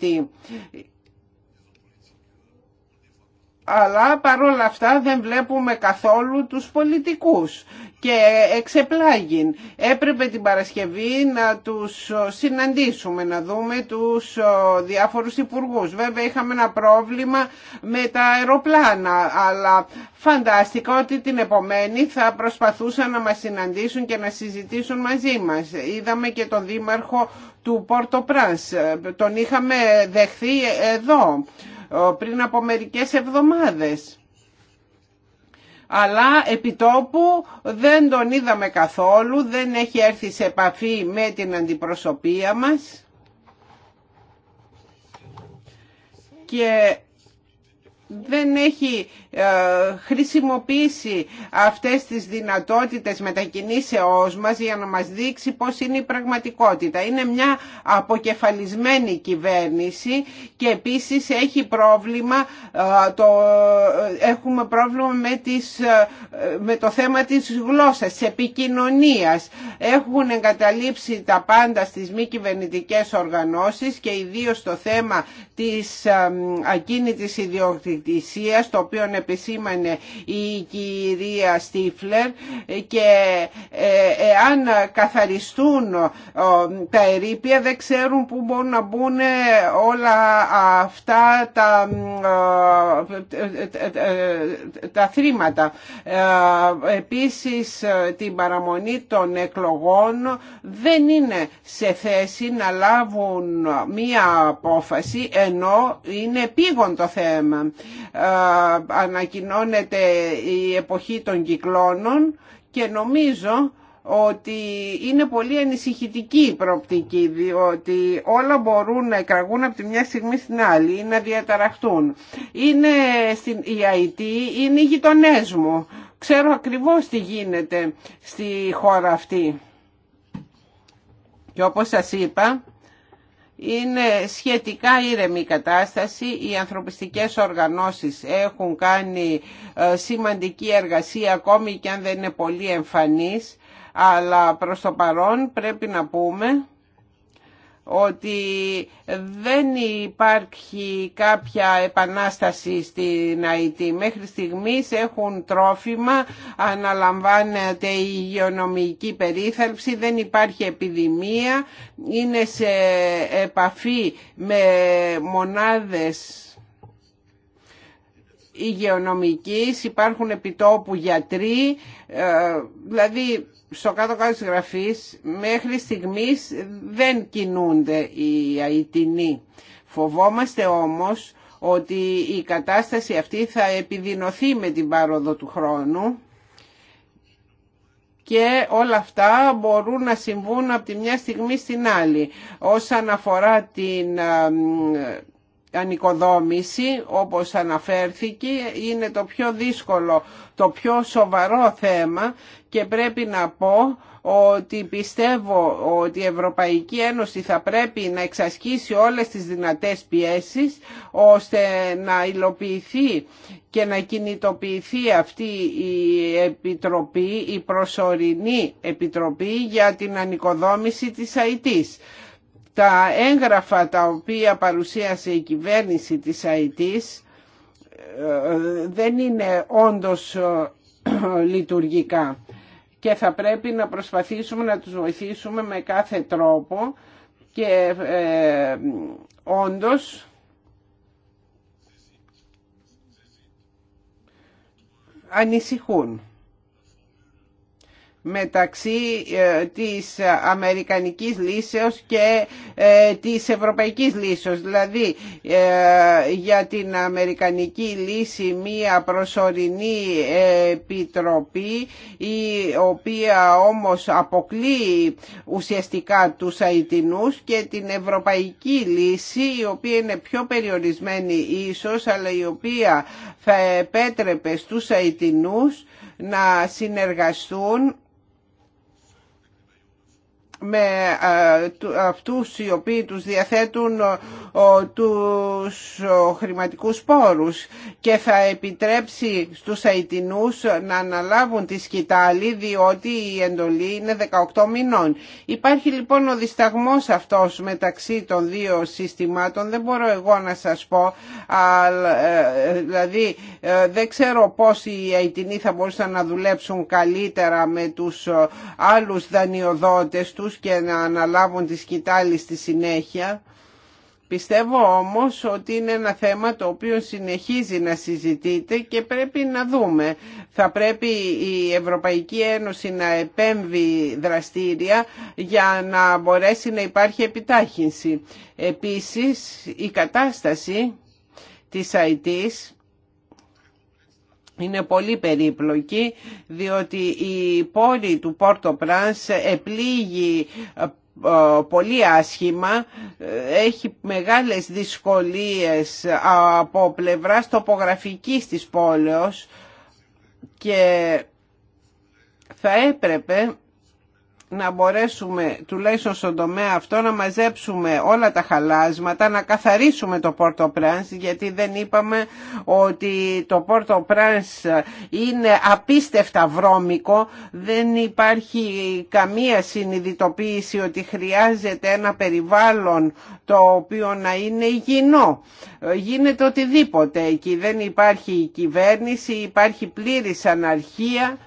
αλλά παρόλα αυτά δεν βλέπουμε καθόλου τους πολιτικούς και εξεπλάγιν. Έπρεπε την Παρασκευή να τους ε, συναντήσουμε, να δούμε τους ε, διάφορους υπουργούς. Βέβαια είχαμε ένα πρόβλημα με τα αεροπλάνα, αλλά φαντάστηκα ότι την επομένη θα προσπαθούσαν να μας συναντήσουν και να συζητήσουν μαζί μας. Είδαμε και τον δήμαρχο του Πόρτο Πρανς, ε, τον είχαμε δεχθεί εδώ πριν από μερικές εβδομάδες αλλά επιτόπου δεν τον είδαμε καθόλου, δεν έχει έρθει σε επαφή με την αντιπροσωπεία μας και δεν έχει ε, χρησιμοποιήσει αυτές τις δυνατότητες μετακινήσεώς μας για να μας δείξει πώς είναι η πραγματικότητα. Είναι μια αποκεφαλισμένη κυβέρνηση και επίσης έχει πρόβλημα, ε, το, ε, έχουμε πρόβλημα με, τις, με το θέμα της γλώσσας, της επικοινωνίας. Έχουν εγκαταλείψει τα πάντα στις μη κυβερνητικέ οργανώσεις και ιδίως το θέμα της ακίνητης ιδιοκτησίας το οποίο επισήμανε η κυρία Στίφλερ και εάν ε, καθαριστούν τα ερήπια δεν ξέρουν πού μπορούν να μπουν ε, όλα αυτά τα, τα θρήματα. Ε, επίσης την παραμονή των εκλογών δεν είναι σε θέση να λάβουν μία απόφαση ενώ είναι επίγον το θέμα. Ε, ανακοινώνεται η εποχή των κυκλώνων και νομίζω ότι είναι πολύ ανησυχητική η προοπτική, διότι όλα μπορούν να εκραγούν από τη μια στιγμή στην άλλη ή να διαταραχτούν. Είναι στην ΙΑΙΤ, είναι οι γειτονέ μου. Ξέρω ακριβώς τι γίνεται στη χώρα αυτή. Και όπως σας είπα, είναι σχετικά ήρεμη η κατάσταση. Οι ανθρωπιστικές οργανώσεις έχουν κάνει ε, σημαντική εργασία ακόμη και αν δεν είναι πολύ εμφανής. Αλλά προς το παρόν πρέπει να πούμε ότι δεν υπάρχει κάποια επανάσταση στην ΑΕΤ. Μέχρι στιγμής έχουν τρόφιμα, αναλαμβάνεται η υγειονομική περίθαλψη, δεν υπάρχει επιδημία, είναι σε επαφή με μονάδες υγειονομικής, υπάρχουν επιτόπου γιατροί, ε, δηλαδή στο κάτω-κάτω της γραφής μέχρι στιγμής δεν κινούνται οι αιτινοί. Φοβόμαστε όμως ότι η κατάσταση αυτή θα επιδεινωθεί με την πάροδο του χρόνου και όλα αυτά μπορούν να συμβούν από τη μια στιγμή στην άλλη. Όσον αφορά την ανοικοδόμηση, όπως αναφέρθηκε, είναι το πιο δύσκολο, το πιο σοβαρό θέμα και πρέπει να πω ότι πιστεύω ότι η Ευρωπαϊκή Ένωση θα πρέπει να εξασκήσει όλες τις δυνατές πιέσεις ώστε να υλοποιηθεί και να κινητοποιηθεί αυτή η επιτροπή, η προσωρινή επιτροπή για την ανοικοδόμηση της ΑΙΤΙΣ. Τα έγγραφα τα οποία παρουσίασε η κυβέρνηση της ΑΙΤΙΣ ε, δεν είναι όντως ε, λειτουργικά και θα πρέπει να προσπαθήσουμε να τους βοηθήσουμε με κάθε τρόπο και ε, όντως ανησυχούν μεταξύ ε, της αμερικανικής λύσεως και ε, της ευρωπαϊκής λύσεως. Δηλαδή ε, για την αμερικανική λύση μία προσωρινή επιτροπή η οποία όμως αποκλεί ουσιαστικά τους αιτινούς και την ευρωπαϊκή λύση η οποία είναι πιο περιορισμένη ίσως αλλά η οποία θα επέτρεπε στους αιτινούς να συνεργαστούν με ε, αυτούς οι οποίοι τους διαθέτουν τους χρηματικούς πόρους και θα επιτρέψει στους αιτινούς να αναλάβουν τη σκητάλη διότι η εντολή είναι 18 μηνών. Υπάρχει λοιπόν ο δισταγμός αυτός μεταξύ των δύο συστημάτων, δεν μπορώ εγώ να σας πω, ε, δηλαδή ε, δεν ξέρω πώς οι αιτινοί θα μπορούσαν να δουλέψουν καλύτερα με τους άλλους δανειοδότες του και να αναλάβουν τη σκητάλη στη συνέχεια. Πιστεύω όμως ότι είναι ένα θέμα το οποίο συνεχίζει να συζητείται και πρέπει να δούμε. Θα πρέπει η Ευρωπαϊκή Ένωση να επέμβει δραστήρια για να μπορέσει να υπάρχει επιτάχυνση. Επίσης η κατάσταση της ΑΙΤΙΣ είναι πολύ περίπλοκη διότι η πόλη του Πόρτο Πράνς επλήγει ε, πολύ άσχημα, ε, έχει μεγάλες δυσκολίες από πλευράς τοπογραφικής της πόλεως και θα έπρεπε να μπορέσουμε τουλάχιστον στον τομέα αυτό να μαζέψουμε όλα τα χαλάσματα, να καθαρίσουμε το Πόρτο Πράνς γιατί δεν είπαμε ότι το Πόρτο Πράνς είναι απίστευτα βρώμικο, δεν υπάρχει καμία συνειδητοποίηση ότι χρειάζεται ένα περιβάλλον το οποίο να είναι υγιεινό. Γίνεται οτιδήποτε εκεί, δεν υπάρχει κυβέρνηση, υπάρχει πλήρης αναρχία.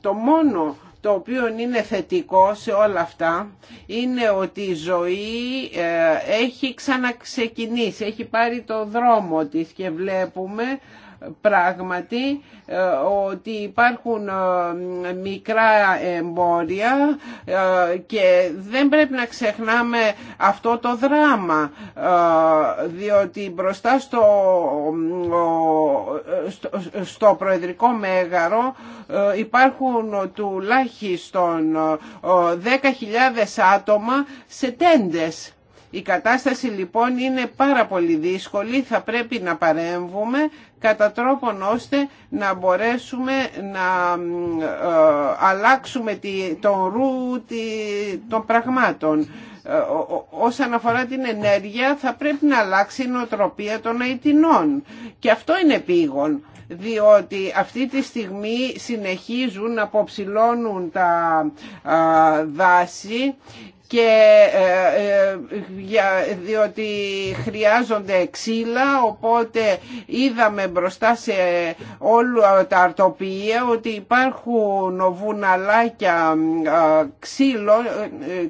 Το μόνο το οποίο είναι θετικό σε όλα αυτά είναι ότι η ζωή ε, έχει ξαναξεκινήσει, έχει πάρει το δρόμο της και βλέπουμε πράγματι ε, ότι υπάρχουν ε, μικρά εμπόρια ε, και δεν πρέπει να ξεχνάμε αυτό το δράμα διότι μπροστά στο, στο προεδρικό μέγαρο υπάρχουν τουλάχιστον 10.000 άτομα σε τέντες. Η κατάσταση λοιπόν είναι πάρα πολύ δύσκολη, θα πρέπει να παρέμβουμε, κατά τρόπον ώστε να μπορέσουμε να ε, αλλάξουμε τον ρου των πραγμάτων. Ε, όσον αφορά την ενέργεια θα πρέπει να αλλάξει η νοοτροπία των αιτινών και αυτό είναι πήγον διότι αυτή τη στιγμή συνεχίζουν να αποψηλώνουν τα ε, δάση και ε, ε, διότι χρειάζονται ξύλα οπότε είδαμε μπροστά σε όλα τα αρτοπία ότι υπάρχουν βουναλάκια ε, ξύλο,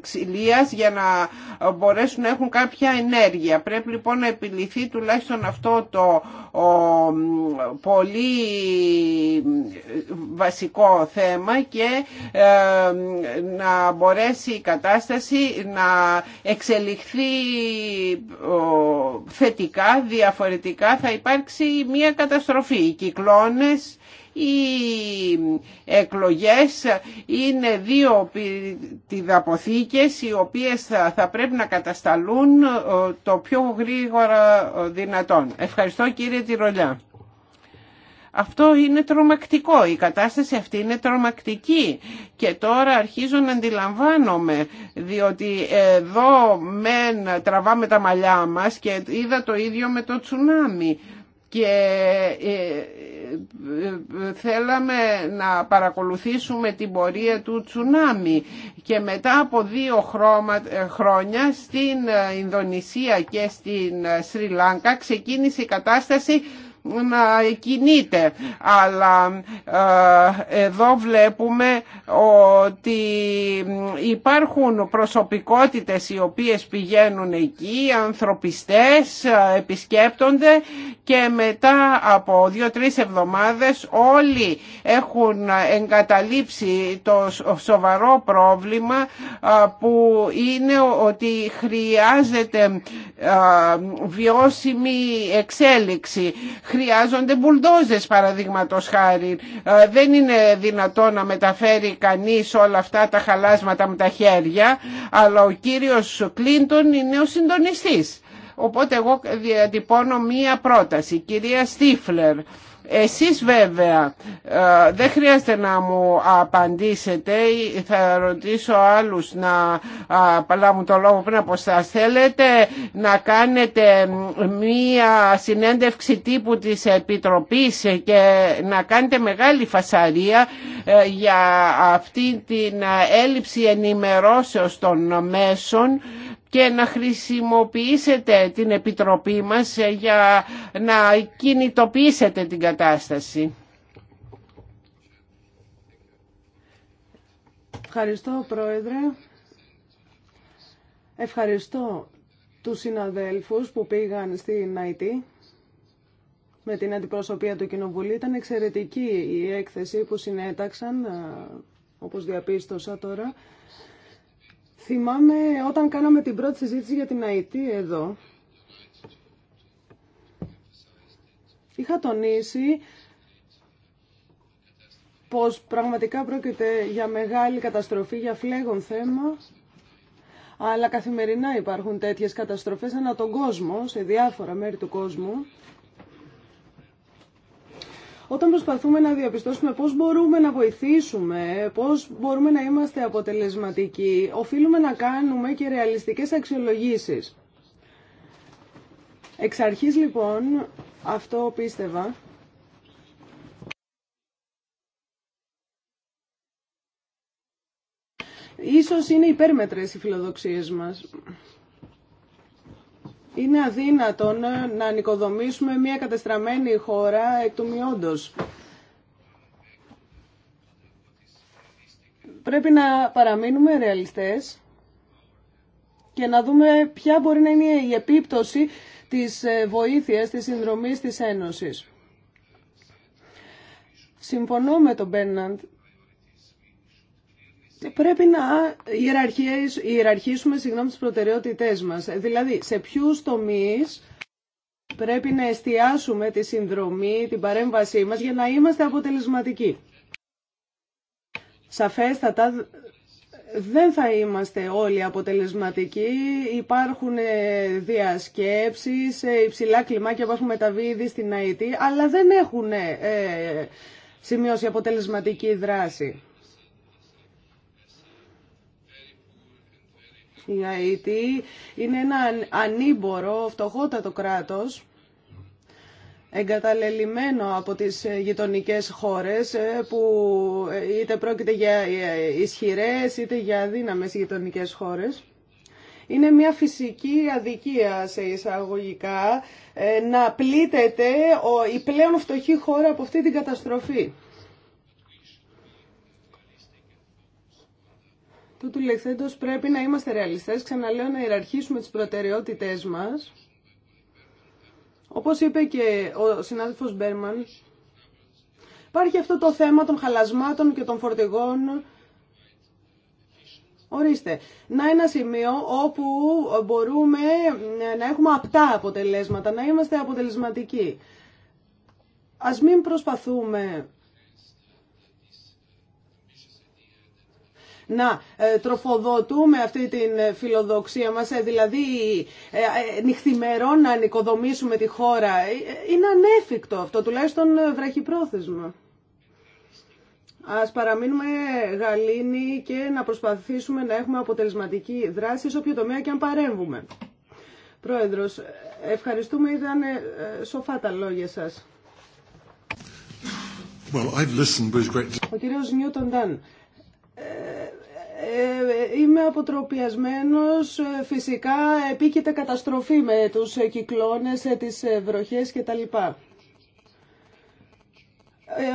ξυλίας για να μπορέσουν να έχουν κάποια ενέργεια. Πρέπει λοιπόν να επιληθεί τουλάχιστον αυτό το πολύ βασικό θέμα και να μπορέσει η κατάσταση να εξελιχθεί θετικά, διαφορετικά θα υπάρξει μια καταστροφή. Οι κυκλώνες, οι εκλογές είναι δύο πιτιδαποθήκες οι οποίες θα, θα πρέπει να κατασταλούν το πιο γρήγορα δυνατόν. Ευχαριστώ κύριε Τυρολιά. Αυτό είναι τρομακτικό. Η κατάσταση αυτή είναι τρομακτική. Και τώρα αρχίζω να αντιλαμβάνομαι, διότι εδώ μεν τραβάμε τα μαλλιά μας και είδα το ίδιο με το τσουνάμι και ε, ε, θέλαμε να παρακολουθήσουμε την πορεία του τσουνάμι και μετά από δύο ε, χρόνια στην Ινδονησία και στην Σρι Λάνκα ξεκίνησε η κατάσταση να κινείται. Αλλά ε, εδώ βλέπουμε ότι υπάρχουν προσωπικότητες οι οποίες πηγαίνουν εκεί, ανθρωπιστές, ε, επισκέπτονται και μετά από δύο-τρεις εβδομάδες όλοι έχουν εγκαταλείψει το σοβαρό πρόβλημα ε, που είναι ότι χρειάζεται βιώσιμη εξέλιξη χρειάζονται μπουλντόζες παραδείγματο χάρη. Ε, δεν είναι δυνατό να μεταφέρει κανείς όλα αυτά τα χαλάσματα με τα χέρια, αλλά ο κύριος Κλίντον είναι ο συντονιστής. Οπότε εγώ διατυπώνω μία πρόταση. Κυρία Στίφλερ, εσείς βέβαια ε, δεν χρειάζεται να μου απαντήσετε ή θα ρωτήσω άλλους να παλάμουν το λόγο πριν από σας. Θέλετε να κάνετε μία συνέντευξη τύπου της Επιτροπής και να κάνετε μεγάλη φασαρία ε, για αυτή την ε, έλλειψη ενημερώσεως των μέσων και να χρησιμοποιήσετε την Επιτροπή μας ε, για να κινητοποιήσετε την κατάσταση. Ευχαριστώ Πρόεδρε. Ευχαριστώ τους συναδέλφους που πήγαν στην ΑΙΤ με την αντιπροσωπεία του Κοινοβουλίου. Ήταν εξαιρετική η έκθεση που συνέταξαν, ε, όπως διαπίστωσα τώρα. Θυμάμαι όταν κάναμε την πρώτη συζήτηση για την ΑΕΤ εδώ, είχα τονίσει πως πραγματικά πρόκειται για μεγάλη καταστροφή, για φλέγον θέμα, αλλά καθημερινά υπάρχουν τέτοιες καταστροφές ανά τον κόσμο, σε διάφορα μέρη του κόσμου όταν προσπαθούμε να διαπιστώσουμε πώς μπορούμε να βοηθήσουμε, πώς μπορούμε να είμαστε αποτελεσματικοί, οφείλουμε να κάνουμε και ρεαλιστικές αξιολογήσεις. Εξ αρχής λοιπόν, αυτό πίστευα, ίσως είναι υπέρμετρες οι φιλοδοξίες μας. Είναι αδύνατον ε, να νοικοδομήσουμε μια κατεστραμμένη χώρα εκ του μειόντος. Πρέπει να παραμείνουμε ρεαλιστές και να δούμε ποια μπορεί να είναι η επίπτωση της ε, βοήθειας, της συνδρομής της Ένωσης. Συμφωνώ με τον Μπέρναντ Πρέπει να ιεραρχήσουμε συγγνώμη, τις προτεραιότητές μας. Δηλαδή, σε ποιους τομείς πρέπει να εστιάσουμε τη συνδρομή, την παρέμβασή μας για να είμαστε αποτελεσματικοί. Σαφέστατα δεν θα είμαστε όλοι αποτελεσματικοί. Υπάρχουν ε, διασκέψεις, ε, υψηλά κλιμάκια που έχουν μεταβεί ήδη στην ΑΕΤ, αλλά δεν έχουν ε, σημειώσει αποτελεσματική δράση. Η είναι ένα ανήμπορο, φτωχότατο κράτος εγκαταλελειμμένο από τις ε, γειτονικές χώρες ε, που ε, είτε πρόκειται για ισχυρές είτε για αδύναμες γειτονικές χώρες. Είναι μια φυσική αδικία σε εισαγωγικά να πλήτεται η πλέον φτωχή χώρα από αυτή την καταστροφή. του λεχθέντος πρέπει να είμαστε ρεαλιστές, ξαναλέω να ιεραρχήσουμε τις προτεραιότητές μας. Όπως είπε και ο συνάδελφος Μπέρμαν, υπάρχει αυτό το θέμα των χαλασμάτων και των φορτηγών Ορίστε, να ένα σημείο όπου μπορούμε να έχουμε απτά αποτελέσματα, να είμαστε αποτελεσματικοί. Ας μην προσπαθούμε να ε, τροφοδοτούμε αυτή την ε, φιλοδοξία μας, ε, δηλαδή νυχθημερό να νοικοδομήσουμε τη χώρα. Είναι ανέφικτο αυτό, τουλάχιστον βραχυπρόθεσμα. Ας παραμείνουμε γαλήνοι και να προσπαθήσουμε να έχουμε αποτελεσματική δράση σε όποιο τομέα και αν παρέμβουμε. Πρόεδρος, ευχαριστούμε. Ήταν σοφά τα λόγια σας. Well, I've listened, Ο κύριος Νιούτον Ντάν. Ε, είμαι αποτροπιασμένος. Ε, φυσικά επίκειται καταστροφή με τους κυκλώνες, ε, τις βροχές κτλ.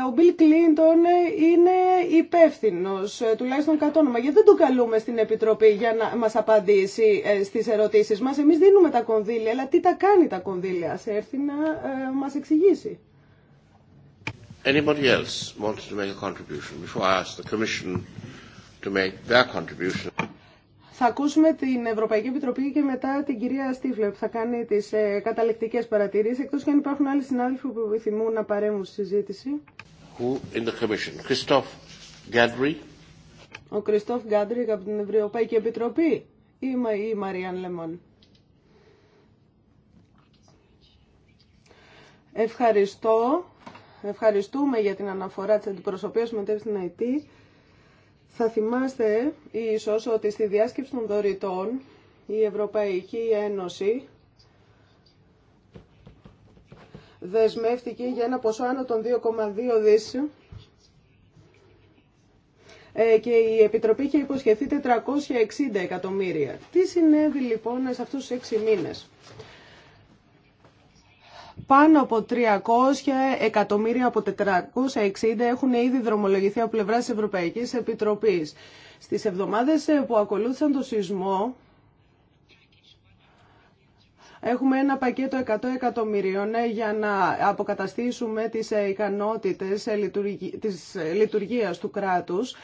Ο Μπιλ Κλίντον είναι υπεύθυνο, τουλάχιστον κατ' όνομα. Γιατί δεν τον καλούμε στην Επιτροπή για να μας απαντήσει στις ερωτήσεις μας. Εμείς δίνουμε τα κονδύλια, αλλά τι τα κάνει τα κονδύλια. Σε έρθει να μας εξηγήσει. Anybody else to make a contribution before I ask the Commission to make their contribution. Θα ακούσουμε την Ευρωπαϊκή Επιτροπή και μετά την κυρία Στίφλε που θα κάνει τις ε, καταληκτικές παρατηρήσεις εκτός και αν υπάρχουν άλλοι συνάδελφοι που επιθυμούν να παρέμβουν στη συζήτηση. Who in the commission? Christoph Gadry. Ο Κριστόφ Γκάντρι από την Ευρωπαϊκή Επιτροπή ή η Μαριάν Λεμόν. Ευχαριστώ. Ευχαριστούμε για την αναφορά της αντιπροσωπείας μετέβη στην ΑΕΤ. Θα θυμάστε ίσως ότι στη διάσκεψη των δωρητών η Ευρωπαϊκή Ένωση δεσμεύτηκε για ένα ποσό άνω των 2,2 δις ε, και η Επιτροπή είχε υποσχεθεί 460 εκατομμύρια. Τι συνέβη λοιπόν σε αυτούς τους 6 μήνες πάνω από 300 εκατομμύρια από 460 έχουν ήδη δρομολογηθεί από πλευρά Ευρωπαϊκής Επιτροπής. Στις εβδομάδες που ακολούθησαν το σεισμό, Έχουμε ένα πακέτο 100 εκατομμυρίων ε, για να αποκαταστήσουμε τις ε, ικανότητες ε, της λειτουργίας του κράτους.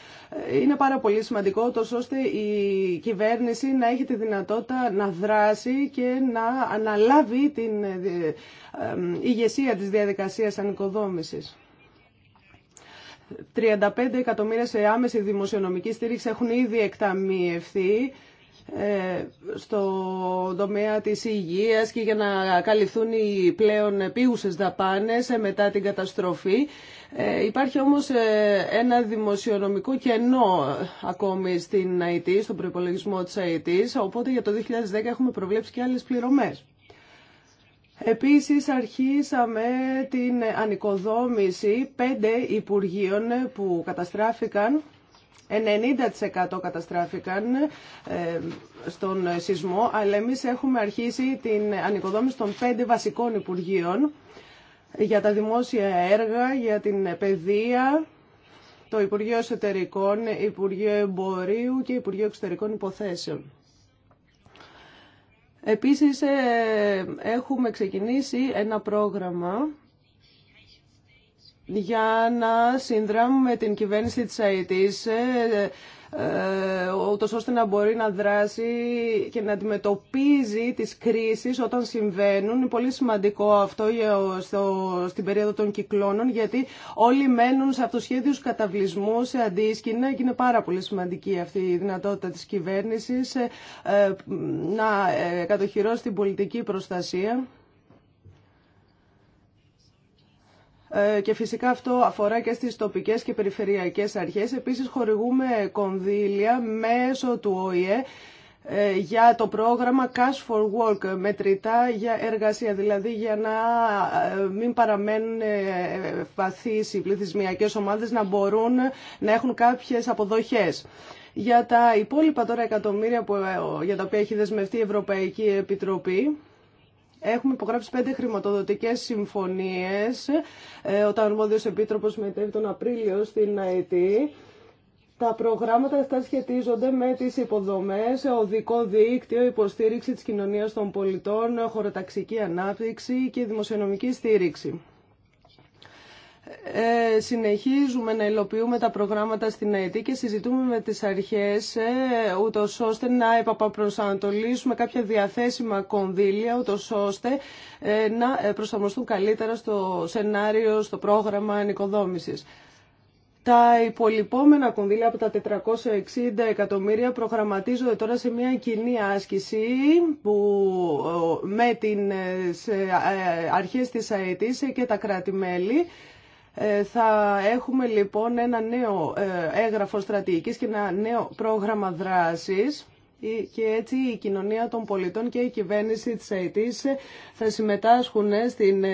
Είναι πάρα πολύ σημαντικό, τόσο ώστε η κυβέρνηση να έχει τη δυνατότητα να δράσει και να αναλάβει την ηγεσία της διαδικασίας ανοικοδόμησης. 35 εκατομμύρια σε άμεση δημοσιονομική στήριξη έχουν ήδη εκταμιευθεί ε, στο τομέα της υγείας και για να καλυφθούν οι πλέον επίγουσες δαπάνες ε, μετά την καταστροφή. Ε, υπάρχει όμως ένα δημοσιονομικό κενό ακόμη στην ΑΕΤ, στον προϋπολογισμό της ΑΕΤ, οπότε για το 2010 έχουμε προβλέψει και άλλες πληρωμές. Επίσης αρχίσαμε την ανοικοδόμηση πέντε υπουργείων που καταστράφηκαν 90% καταστράφηκαν ε, στον σεισμό, αλλά εμείς έχουμε αρχίσει την ανοικοδόμηση των πέντε βασικών υπουργείων για τα δημόσια έργα, για την παιδεία, το Υπουργείο Εσωτερικών, Υπουργείο Εμπορίου και Υπουργείο Εξωτερικών Υποθέσεων. Επίσης, ε, έχουμε ξεκινήσει ένα πρόγραμμα για να συνδράμουμε την κυβέρνηση της ΑΕΤ ε, ούτως ώστε να μπορεί να δράσει και να αντιμετωπίζει τις κρίσεις όταν συμβαίνουν. Είναι πολύ σημαντικό αυτό στο, στην περίοδο των κυκλώνων γιατί όλοι μένουν σε αυτοσχέδιους καταβλισμού, σε αντίσκηνα και είναι πάρα πολύ σημαντική αυτή η δυνατότητα της κυβέρνησης ε, ε, να κατοχυρώσει την πολιτική προστασία. Ε, και φυσικά αυτό αφορά και στις τοπικές και περιφερειακές αρχές. Επίσης χορηγούμε κονδύλια μέσω του ΟΗΕ ε, για το πρόγραμμα Cash for Work, μετρητά για εργασία, δηλαδή για να ε, μην παραμένουν βαθείς οι πληθυσμιακές ομάδες να μπορούν να έχουν κάποιες αποδοχές. Για τα υπόλοιπα τώρα εκατομμύρια που, για τα οποία έχει δεσμευτεί η Ευρωπαϊκή Επιτροπή, Έχουμε υπογράψει πέντε χρηματοδοτικές συμφωνίες ε, όταν ο Αρμόδιος Επίτροπος μετέβη τον Απρίλιο στην ΑΕΤ. Τα προγράμματα αυτά σχετίζονται με τις υποδομές, οδικό δίκτυο, υποστήριξη της κοινωνίας των πολιτών, χωροταξική ανάπτυξη και δημοσιονομική στήριξη ε, συνεχίζουμε να υλοποιούμε τα προγράμματα στην ΑΕΤ και συζητούμε με τις αρχές ε, ούτως ώστε να επαπαπροσανατολίσουμε κάποια διαθέσιμα κονδύλια ούτως ώστε ε, να ε, προσαρμοστούν καλύτερα στο σενάριο, στο πρόγραμμα νοικοδόμησης. Τα υπολοιπόμενα κονδύλια από τα 460 εκατομμύρια προγραμματίζονται τώρα σε μια κοινή άσκηση που ε, με τις αρχές της ΑΕΤ και τα κράτη-μέλη ε, θα έχουμε λοιπόν ένα νέο ε, έγγραφο στρατηγικής και ένα νέο πρόγραμμα δράσης και έτσι η κοινωνία των πολιτών και η κυβέρνηση της ΑΕΤΗΣ ε, θα συμμετάσχουν στην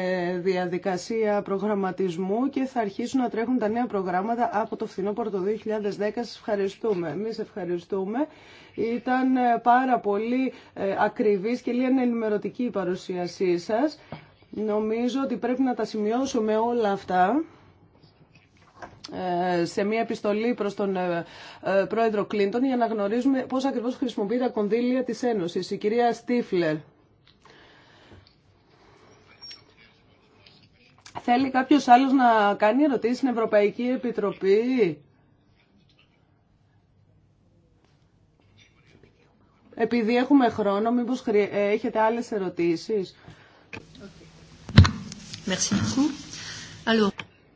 διαδικασία προγραμματισμού και θα αρχίσουν να τρέχουν τα νέα προγράμματα από το φθινόπωρο το 2010. Σας ευχαριστούμε. Εμείς ευχαριστούμε. Ήταν πάρα πολύ ακριβής και λίγα ενημερωτική η παρουσίασή σας. Νομίζω ότι πρέπει να τα σημειώσουμε όλα αυτά ε, σε μια επιστολή προς τον ε, ε, πρόεδρο Κλίντον για να γνωρίζουμε πώς ακριβώς χρησιμοποιεί τα κονδύλια της Ένωσης. Η κυρία Στίφλερ. Θέλει κάποιος άλλος να κάνει ερωτήσεις στην Ευρωπαϊκή Επιτροπή. Επειδή έχουμε χρόνο, μήπως έχετε άλλες ερωτήσεις. Merci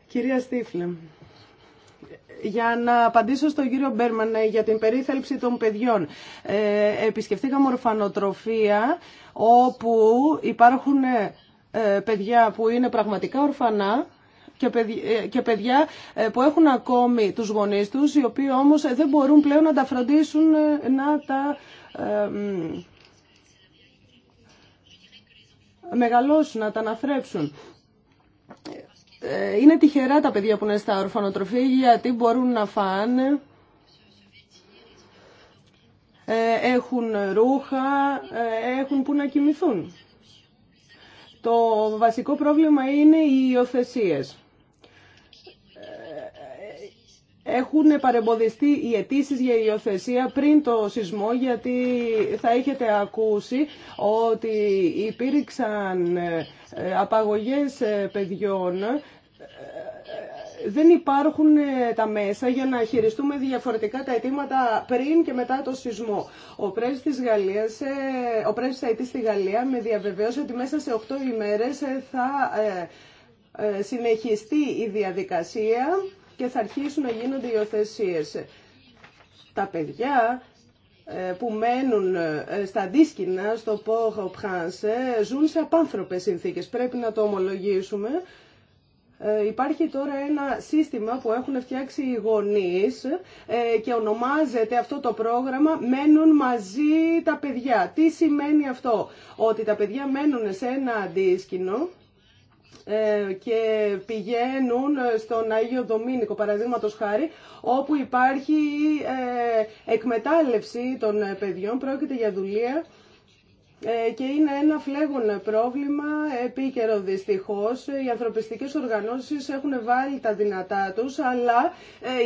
Κυρία Στίφλε, για να απαντήσω στον κύριο Μπέρμαν ε, για την περίθαλψη των παιδιών. Ε, επισκεφτήκαμε ορφανοτροφία όπου υπάρχουν ε, ε, παιδιά που είναι πραγματικά ορφανά και παιδιά που έχουν ακόμη τους γονείς τους, οι οποίοι όμως δεν μπορούν πλέον να τα φροντίσουν, να τα μεγαλώσουν, να τα αναθρέψουν. Ε, είναι τυχερά τα παιδιά που είναι στα ορφανοτροφία γιατί μπορούν να φάνε, ε, έχουν ρούχα, ε, έχουν που να κοιμηθούν. Το βασικό πρόβλημα είναι οι υιοθεσίες έχουν παρεμποδιστεί οι αιτήσει για υιοθεσία πριν το σεισμό γιατί θα έχετε ακούσει ότι υπήρξαν ε, απαγωγές ε, παιδιών ε, δεν υπάρχουν τα μέσα για να χειριστούμε διαφορετικά τα αιτήματα πριν και μετά το σεισμό. Ο πρέσβης της Γαλλίας, ο πρέσβης στη Γαλλία με διαβεβαίωσε ότι μέσα σε 8 ημέρες θα συνεχιστεί η διαδικασία και θα αρχίσουν να γίνονται υιοθεσίε. Τα παιδιά ε, που μένουν ε, στα αντίσκηνα, στο Πόχο Prince ε, ζουν σε απάνθρωπες συνθήκες. Πρέπει να το ομολογήσουμε. Υπάρχει τώρα ένα σύστημα που έχουν φτιάξει οι γονείς και ονομάζεται αυτό το πρόγραμμα «Μένουν μαζί τα παιδιά». Τι σημαίνει αυτό, ότι τα παιδιά μένουν σε ένα αντίσκηνο ε, και πηγαίνουν στον Άγιο Δομήνικο παραδείγματος χάρη όπου υπάρχει ε, εκμετάλλευση των ε, παιδιών πρόκειται για δουλεία και είναι ένα φλέγον πρόβλημα, επίκαιρο δυστυχώς. Οι ανθρωπιστικές οργανώσεις έχουν βάλει τα δυνατά τους, αλλά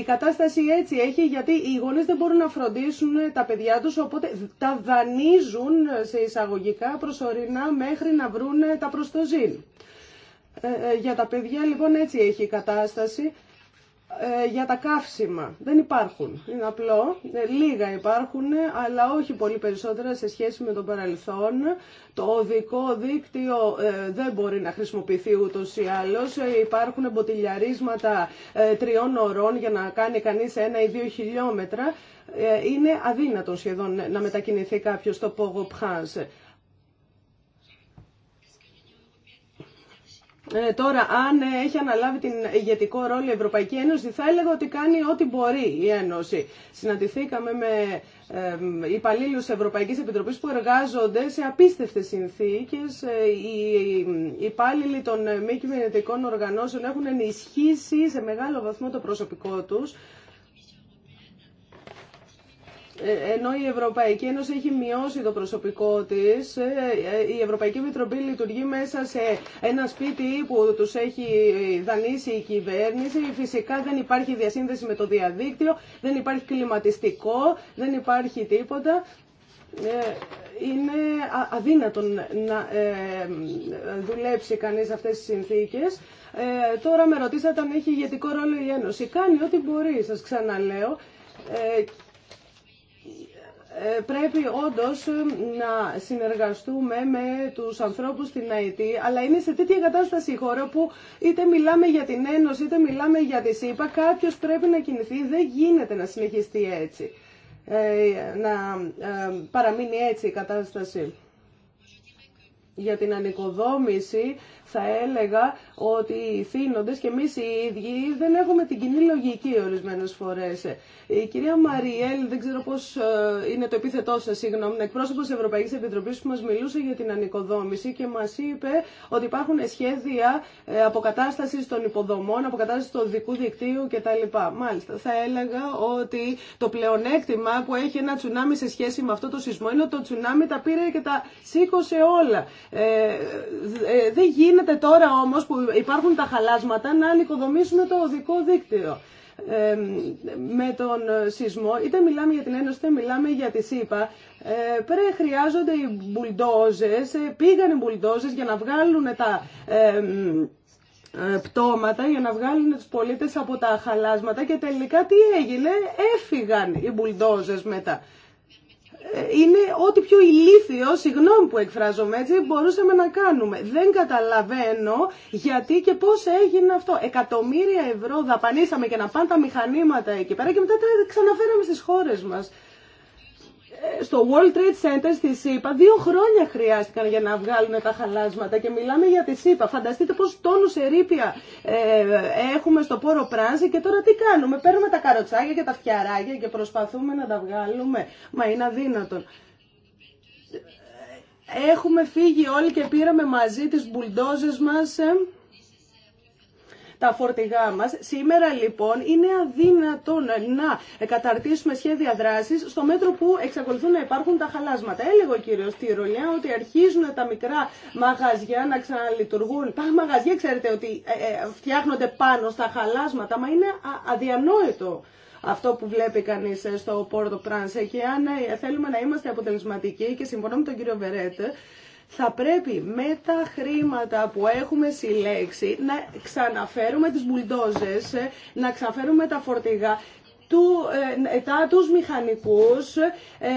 η κατάσταση έτσι έχει, γιατί οι γονείς δεν μπορούν να φροντίσουν τα παιδιά τους, οπότε τα δανείζουν σε εισαγωγικά προσωρινά μέχρι να βρουν τα προστοζήν. Ε, ε, για τα παιδιά λοιπόν έτσι έχει η κατάσταση. Ε, για τα καύσιμα δεν υπάρχουν. Είναι απλό. λίγα υπάρχουν, αλλά όχι πολύ περισσότερα σε σχέση με το παρελθόν. Το οδικό δίκτυο δεν μπορεί να χρησιμοποιηθεί ούτως ή άλλω. υπάρχουν μποτιλιαρίσματα τριών ωρών για να κάνει κανείς ένα ή δύο χιλιόμετρα. είναι αδύνατο σχεδόν να μετακινηθεί κάποιο στο Πόγο Πχάνσε. Ε, τώρα, αν έχει αναλάβει την ηγετικό ρόλο η Ευρωπαϊκή Ένωση, θα έλεγα ότι κάνει ό,τι μπορεί η Ένωση. Συναντηθήκαμε με ε, υπαλλήλου Ευρωπαϊκής Ευρωπαϊκή Επιτροπή που εργάζονται σε απίστευτε συνθήκε. Ε, οι υπάλληλοι των μη κυβερνητικών οργανώσεων έχουν ενισχύσει σε μεγάλο βαθμό το προσωπικό του ενώ η Ευρωπαϊκή Ένωση έχει μειώσει το προσωπικό της, ε, η Ευρωπαϊκή Μητροπή λειτουργεί μέσα σε ένα σπίτι που τους έχει δανείσει η κυβέρνηση. Φυσικά δεν υπάρχει διασύνδεση με το διαδίκτυο, δεν υπάρχει κλιματιστικό, δεν υπάρχει τίποτα ε, είναι αδύνατον να ε, δουλέψει κανείς αυτές τις συνθήκες. τώρα με ρωτήσατε αν έχει ηγετικό ρόλο η Ένωση. Κάνει ό,τι μπορεί, σας ξαναλέω. Ε, πρέπει όντως ε, να συνεργαστούμε με τους ανθρώπους στην ΑΕΤ, αλλά είναι σε τέτοια κατάσταση η χώρα που είτε μιλάμε για την Ένωση, είτε μιλάμε για τη ΣΥΠΑ, κάποιος πρέπει να κινηθεί, δεν γίνεται να συνεχιστεί έτσι, ε, να παραμείνει έτσι η κατάσταση για την ανοικοδόμηση θα έλεγα ότι οι θύνοντες και εμείς οι ίδιοι δεν έχουμε την κοινή λογική ορισμένες φορές. Η κυρία Μαριέλ, δεν ξέρω πώς ε, είναι το επίθετό σας, συγγνώμη, εκπρόσωπος της Ευρωπαϊκής Επιτροπής που μας μιλούσε για την ανοικοδόμηση και μας είπε ότι υπάρχουν σχέδια ε, αποκατάστασης των υποδομών, αποκατάστασης του δικού δικτύου κτλ. Μάλιστα, θα έλεγα ότι το πλεονέκτημα που έχει ένα τσουνάμι σε σχέση με αυτό το σεισμό είναι ότι το τσουνάμι τα πήρε και τα σήκωσε όλα. Ε, ε δεν γίνεται τώρα όμως που υπάρχουν τα χαλάσματα να ανοικοδομήσουμε το οδικό δίκτυο. Ε, με τον σεισμό, είτε μιλάμε για την Ένωση, είτε μιλάμε για τη ΣΥΠΑ, ε, πρέ, χρειάζονται οι μπουλντόζες, ε, πήγαν οι μπουλντόζες για να βγάλουν τα... Ε, ε, πτώματα για να βγάλουν τους πολίτες από τα χαλάσματα και τελικά τι έγινε, έφυγαν οι μπουλντόζες μετά είναι ό,τι πιο ηλίθιο, συγγνώμη που εκφράζομαι έτσι, μπορούσαμε να κάνουμε. Δεν καταλαβαίνω γιατί και πώς έγινε αυτό. Εκατομμύρια ευρώ δαπανίσαμε και να πάνε τα μηχανήματα εκεί πέρα και μετά τα ξαναφέραμε στις χώρες μας στο World Trade Center στη ΣΥΠΑ δύο χρόνια χρειάστηκαν για να βγάλουν τα χαλάσματα και μιλάμε για τη ΣΥΠΑ. Φανταστείτε πώ τόνους ερήπια ε, έχουμε στο πόρο πράνση και τώρα τι κάνουμε. Παίρνουμε τα καροτσάκια και τα φτιαράκια και προσπαθούμε να τα βγάλουμε. Μα είναι αδύνατον. Έχουμε φύγει όλοι και πήραμε μαζί τις μπουλντόζες μας ε τα φορτηγά μα. Σήμερα λοιπόν είναι αδύνατον να καταρτήσουμε σχέδια δράσης στο μέτρο που εξακολουθούν να υπάρχουν τα χαλάσματα. Έλεγε ο κύριο Τυρολιά ότι αρχίζουν τα μικρά μαγαζιά να ξαναλειτουργούν. Τα μαγαζιά ξέρετε ότι ε, ε, φτιάχνονται πάνω στα χαλάσματα, μα είναι αδιανόητο αυτό που βλέπει κανεί ε, στο Πόρτο Πράνσε. Και αν θέλουμε να είμαστε αποτελεσματικοί, και συμφωνώ με τον κύριο Βερέτ, θα πρέπει με τα χρήματα που έχουμε συλλέξει να ξαναφέρουμε τις μπουλντόζες, να ξαναφέρουμε τα φορτηγά του, ε, τους μηχανικούς, ε,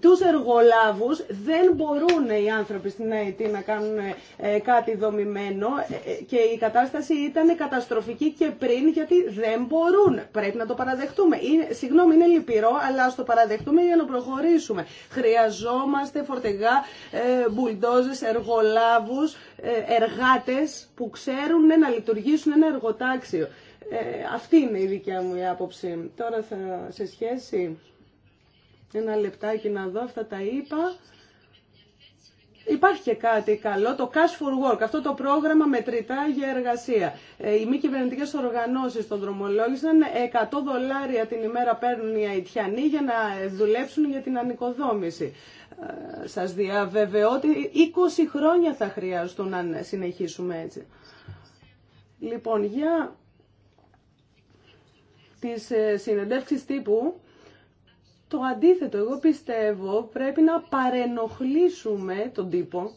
τους εργολάβους. Δεν μπορούν οι άνθρωποι στην ΑΕΤ να κάνουν ε, κάτι δομημένο και η κατάσταση ήταν καταστροφική και πριν γιατί δεν μπορούν. Πρέπει να το παραδεχτούμε. Είναι, συγγνώμη, είναι λυπηρό, αλλά ας το παραδεχτούμε για να προχωρήσουμε. Χρειαζόμαστε φορτηγά, ε, μπουλντόζες, εργολάβους, εργάτες που ξέρουν να λειτουργήσουν ένα εργοτάξιο. Ε, αυτή είναι η δικιά μου η άποψη. Τώρα θα, σε σχέση ένα λεπτάκι να δω αυτά τα είπα. Υπάρχει και κάτι καλό, το Cash for Work, αυτό το πρόγραμμα μετρητά για εργασία. Ε, οι μη κυβερνητικέ οργανώσει τον δρομολόγησαν, 100 ε, δολάρια την ημέρα παίρνουν οι Αιτιανοί για να δουλέψουν για την ανοικοδόμηση. Σας διαβεβαιώ ότι 20 χρόνια θα χρειαστούν να συνεχίσουμε έτσι. Λοιπόν, για τις ε, συνεντεύξεις τύπου, το αντίθετο, εγώ πιστεύω, πρέπει να παρενοχλήσουμε τον τύπο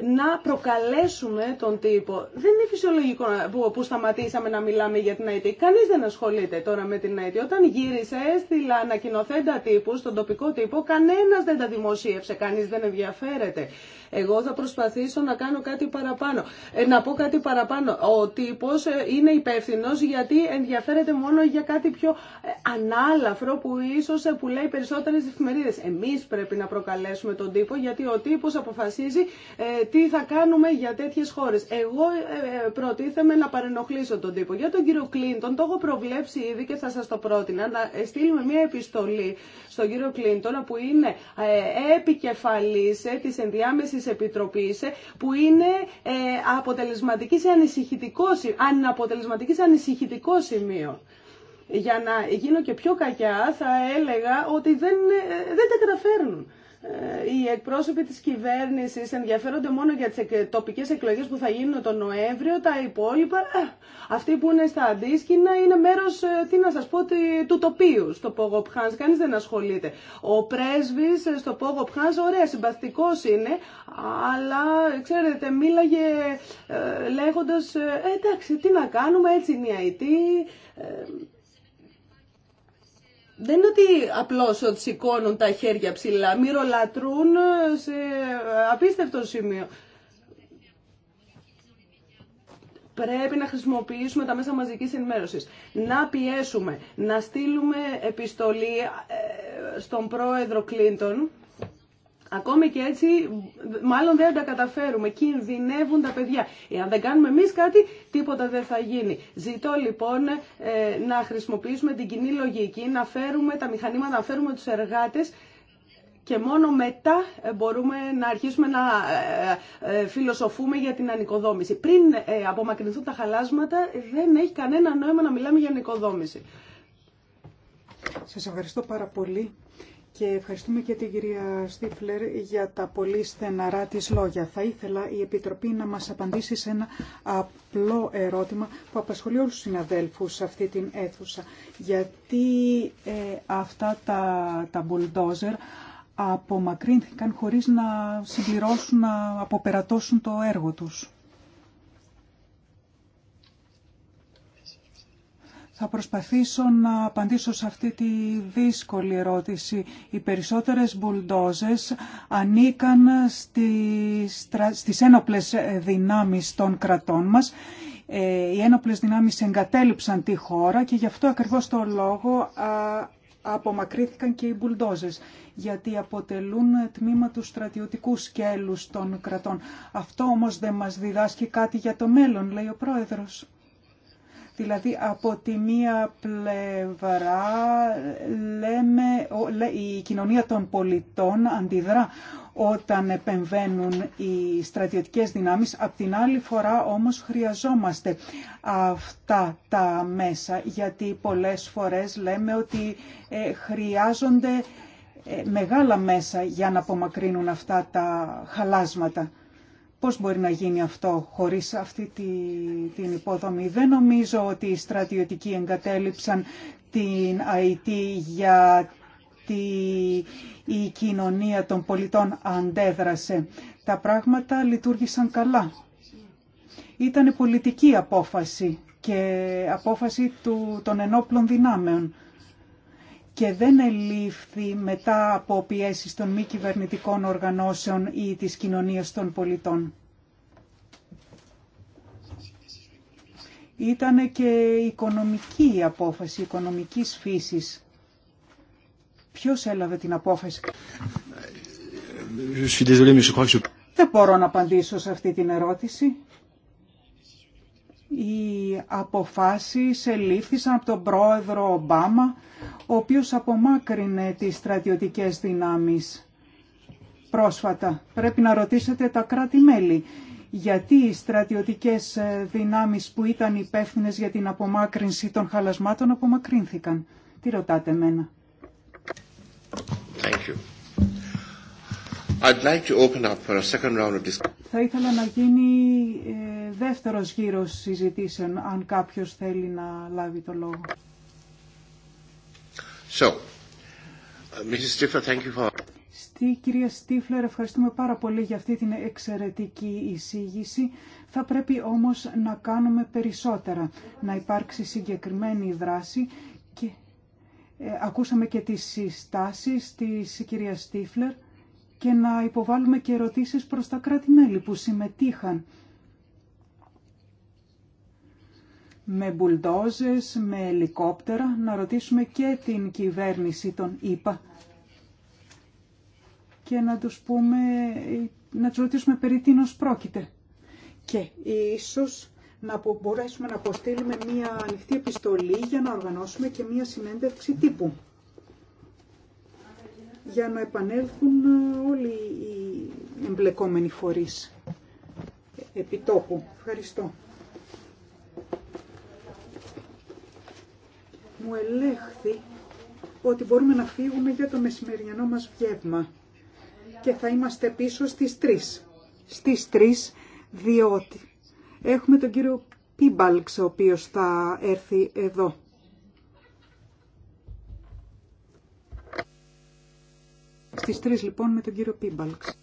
να προκαλέσουμε τον τύπο. Δεν είναι φυσιολογικό που, σταματήσαμε να μιλάμε για την ΑΕΤ. Κανεί δεν ασχολείται τώρα με την ΑΕΤ. Όταν γύρισε, έστειλα ανακοινοθέντα τύπου στον τοπικό τύπο. κανένα δεν τα δημοσίευσε, Κανεί δεν ενδιαφέρεται. Εγώ θα προσπαθήσω να κάνω κάτι παραπάνω. Ε, να πω κάτι παραπάνω. Ο τύπος ε, είναι υπεύθυνο γιατί ενδιαφέρεται μόνο για κάτι πιο ε, ανάλαφρο που ίσως ε, που λέει περισσότερε εφημερίδε. Εμεί πρέπει να προκαλέσουμε τον τύπο γιατί ο τύπο αποφασίζει τι θα κάνουμε για τέτοιες χώρες. Εγώ ε, ε, προτίθεμαι να παρενοχλήσω τον τύπο. Για τον κύριο Κλίντον το έχω προβλέψει ήδη και θα σας το πρότεινα να ε, στείλουμε μια επιστολή στον κύριο Κλίντον που είναι ε, επικεφαλής ε, της ενδιάμεσης επιτροπής ε, που είναι ε, αποτελεσματική σε ανησυχητικό, αναποτελεσματική σε ανησυχητικό σημείο. Για να γίνω και πιο κακιά θα έλεγα ότι δεν, δεν τα καταφέρνουν. Ε, οι εκπρόσωποι της κυβέρνησης ενδιαφέρονται μόνο για τις τοπικές εκλογές που θα γίνουν τον Νοέμβριο, τα υπόλοιπα, ε, αυτοί που είναι στα αντίσκηνα είναι μέρος, ε, τι να σας πω, του τοπίου στο Πόγο Πχάνς, κανείς δεν ασχολείται. Ο πρέσβης στο Πόγο Πχάνς, ωραία, συμπαθητικός είναι, αλλά ξέρετε, μίλαγε λέγοντας, εντάξει, τι να κάνουμε, έτσι είναι η IT, δεν είναι ότι απλώς σηκώνουν τα χέρια ψηλά, μυρολατρούν σε απίστευτο σημείο. Πρέπει να χρησιμοποιήσουμε τα μέσα μαζικής ενημέρωσης, να πιέσουμε, να στείλουμε επιστολή ε, στον πρόεδρο Κλίντον, Ακόμη και έτσι, μάλλον δεν τα καταφέρουμε. Κινδυνεύουν τα παιδιά. Εάν δεν κάνουμε εμεί κάτι, τίποτα δεν θα γίνει. Ζητώ λοιπόν ε, να χρησιμοποιήσουμε την κοινή λογική, να φέρουμε τα μηχανήματα, να φέρουμε του εργάτε και μόνο μετά ε, μπορούμε να αρχίσουμε να ε, φιλοσοφούμε για την ανοικοδόμηση. Πριν απομακρυνθούν τα χαλάσματα, δεν έχει κανένα νόημα να μιλάμε για ανοικοδόμηση. Σας ευχαριστώ πάρα πολύ και ευχαριστούμε και την κυρία Στίφλερ για τα πολύ στεναρά της λόγια. Θα ήθελα η Επιτροπή να μας απαντήσει σε ένα απλό ερώτημα που απασχολεί όλους τους συναδέλφους σε αυτή την αίθουσα. Γιατί ε, αυτά τα, τα bulldozer απομακρύνθηκαν χωρίς να συμπληρώσουν, να αποπερατώσουν το έργο τους. Θα προσπαθήσω να απαντήσω σε αυτή τη δύσκολη ερώτηση. Οι περισσότερες μπουλντόζες ανήκαν στις ένοπλες δυνάμεις των κρατών μας. Ε, οι ένοπλες δυνάμεις εγκατέλειψαν τη χώρα και γι' αυτό ακριβώς το λόγο απομακρύθηκαν και οι μπουλντόζες γιατί αποτελούν τμήμα του στρατιωτικού σκέλους των κρατών. Αυτό όμως δεν μας διδάσκει κάτι για το μέλλον, λέει ο πρόεδρος. Δηλαδή από τη μία πλευρά λέμε, η κοινωνία των πολιτών αντιδρά όταν επεμβαίνουν οι στρατιωτικές δυνάμεις. Απ' την άλλη φορά όμως χρειαζόμαστε αυτά τα μέσα γιατί πολλές φορές λέμε ότι ε, χρειάζονται ε, μεγάλα μέσα για να απομακρύνουν αυτά τα χαλάσματα. Πώς μπορεί να γίνει αυτό χωρίς αυτή τη, την υποδομή. Δεν νομίζω ότι οι στρατιωτικοί εγκατέλειψαν την ΑΕΤ γιατί η κοινωνία των πολιτών αντέδρασε. Τα πράγματα λειτουργήσαν καλά. Ήταν πολιτική απόφαση και απόφαση του, των ενόπλων δυνάμεων και δεν ελήφθη μετά από πιέσεις των μη κυβερνητικών οργανώσεων ή της κοινωνίας των πολιτών. Ήταν και οικονομική η απόφαση, οικονομικής φύσης. Ποιος έλαβε την απόφαση. Δεν μπορώ να απαντήσω σε αυτή την ερώτηση οι αποφάσεις ελήφθησαν από τον πρόεδρο Ομπάμα, ο οποίος απομάκρυνε τις στρατιωτικές δυνάμεις πρόσφατα. Πρέπει να ρωτήσετε τα κράτη-μέλη γιατί οι στρατιωτικές δυνάμεις που ήταν υπεύθυνε για την απομάκρυνση των χαλασμάτων απομακρύνθηκαν. Τι ρωτάτε εμένα. Θα ήθελα να γίνει ε, δεύτερος γύρος συζητήσεων, αν κάποιος θέλει να λάβει το λόγο. So, uh, Mrs. Stifler, thank you for... Στη κυρία Στίφλερ, ευχαριστούμε πάρα πολύ για αυτή την εξαιρετική εισήγηση. Θα πρέπει όμως να κάνουμε περισσότερα, να υπάρξει συγκεκριμένη δράση και ε, ακούσαμε και τις συστάσεις της κυρίας Στίφλερ και να υποβάλουμε και ερωτήσεις προς τα κράτη-μέλη που συμμετείχαν με μπουλντόζες, με ελικόπτερα, να ρωτήσουμε και την κυβέρνηση των ΙΠΑ και να τους πούμε, να τους ρωτήσουμε περί τίνος πρόκειται. Και ίσως να μπορέσουμε να αποστείλουμε μία ανοιχτή επιστολή για να οργανώσουμε και μία συνέντευξη τύπου για να επανέλθουν ε, όλοι οι εμπλεκόμενοι φορείς επιτόπου. Ευχαριστώ. Μου ελέγχθη ότι μπορούμε να φύγουμε για το μεσημεριανό μας βγεύμα και θα είμαστε πίσω στις τρεις. Στις 3 διότι έχουμε τον κύριο Πίμπαλξ ο οποίος θα έρθει εδώ. στις 3 λοιπόν με τον κύριο Πίμπαλξ.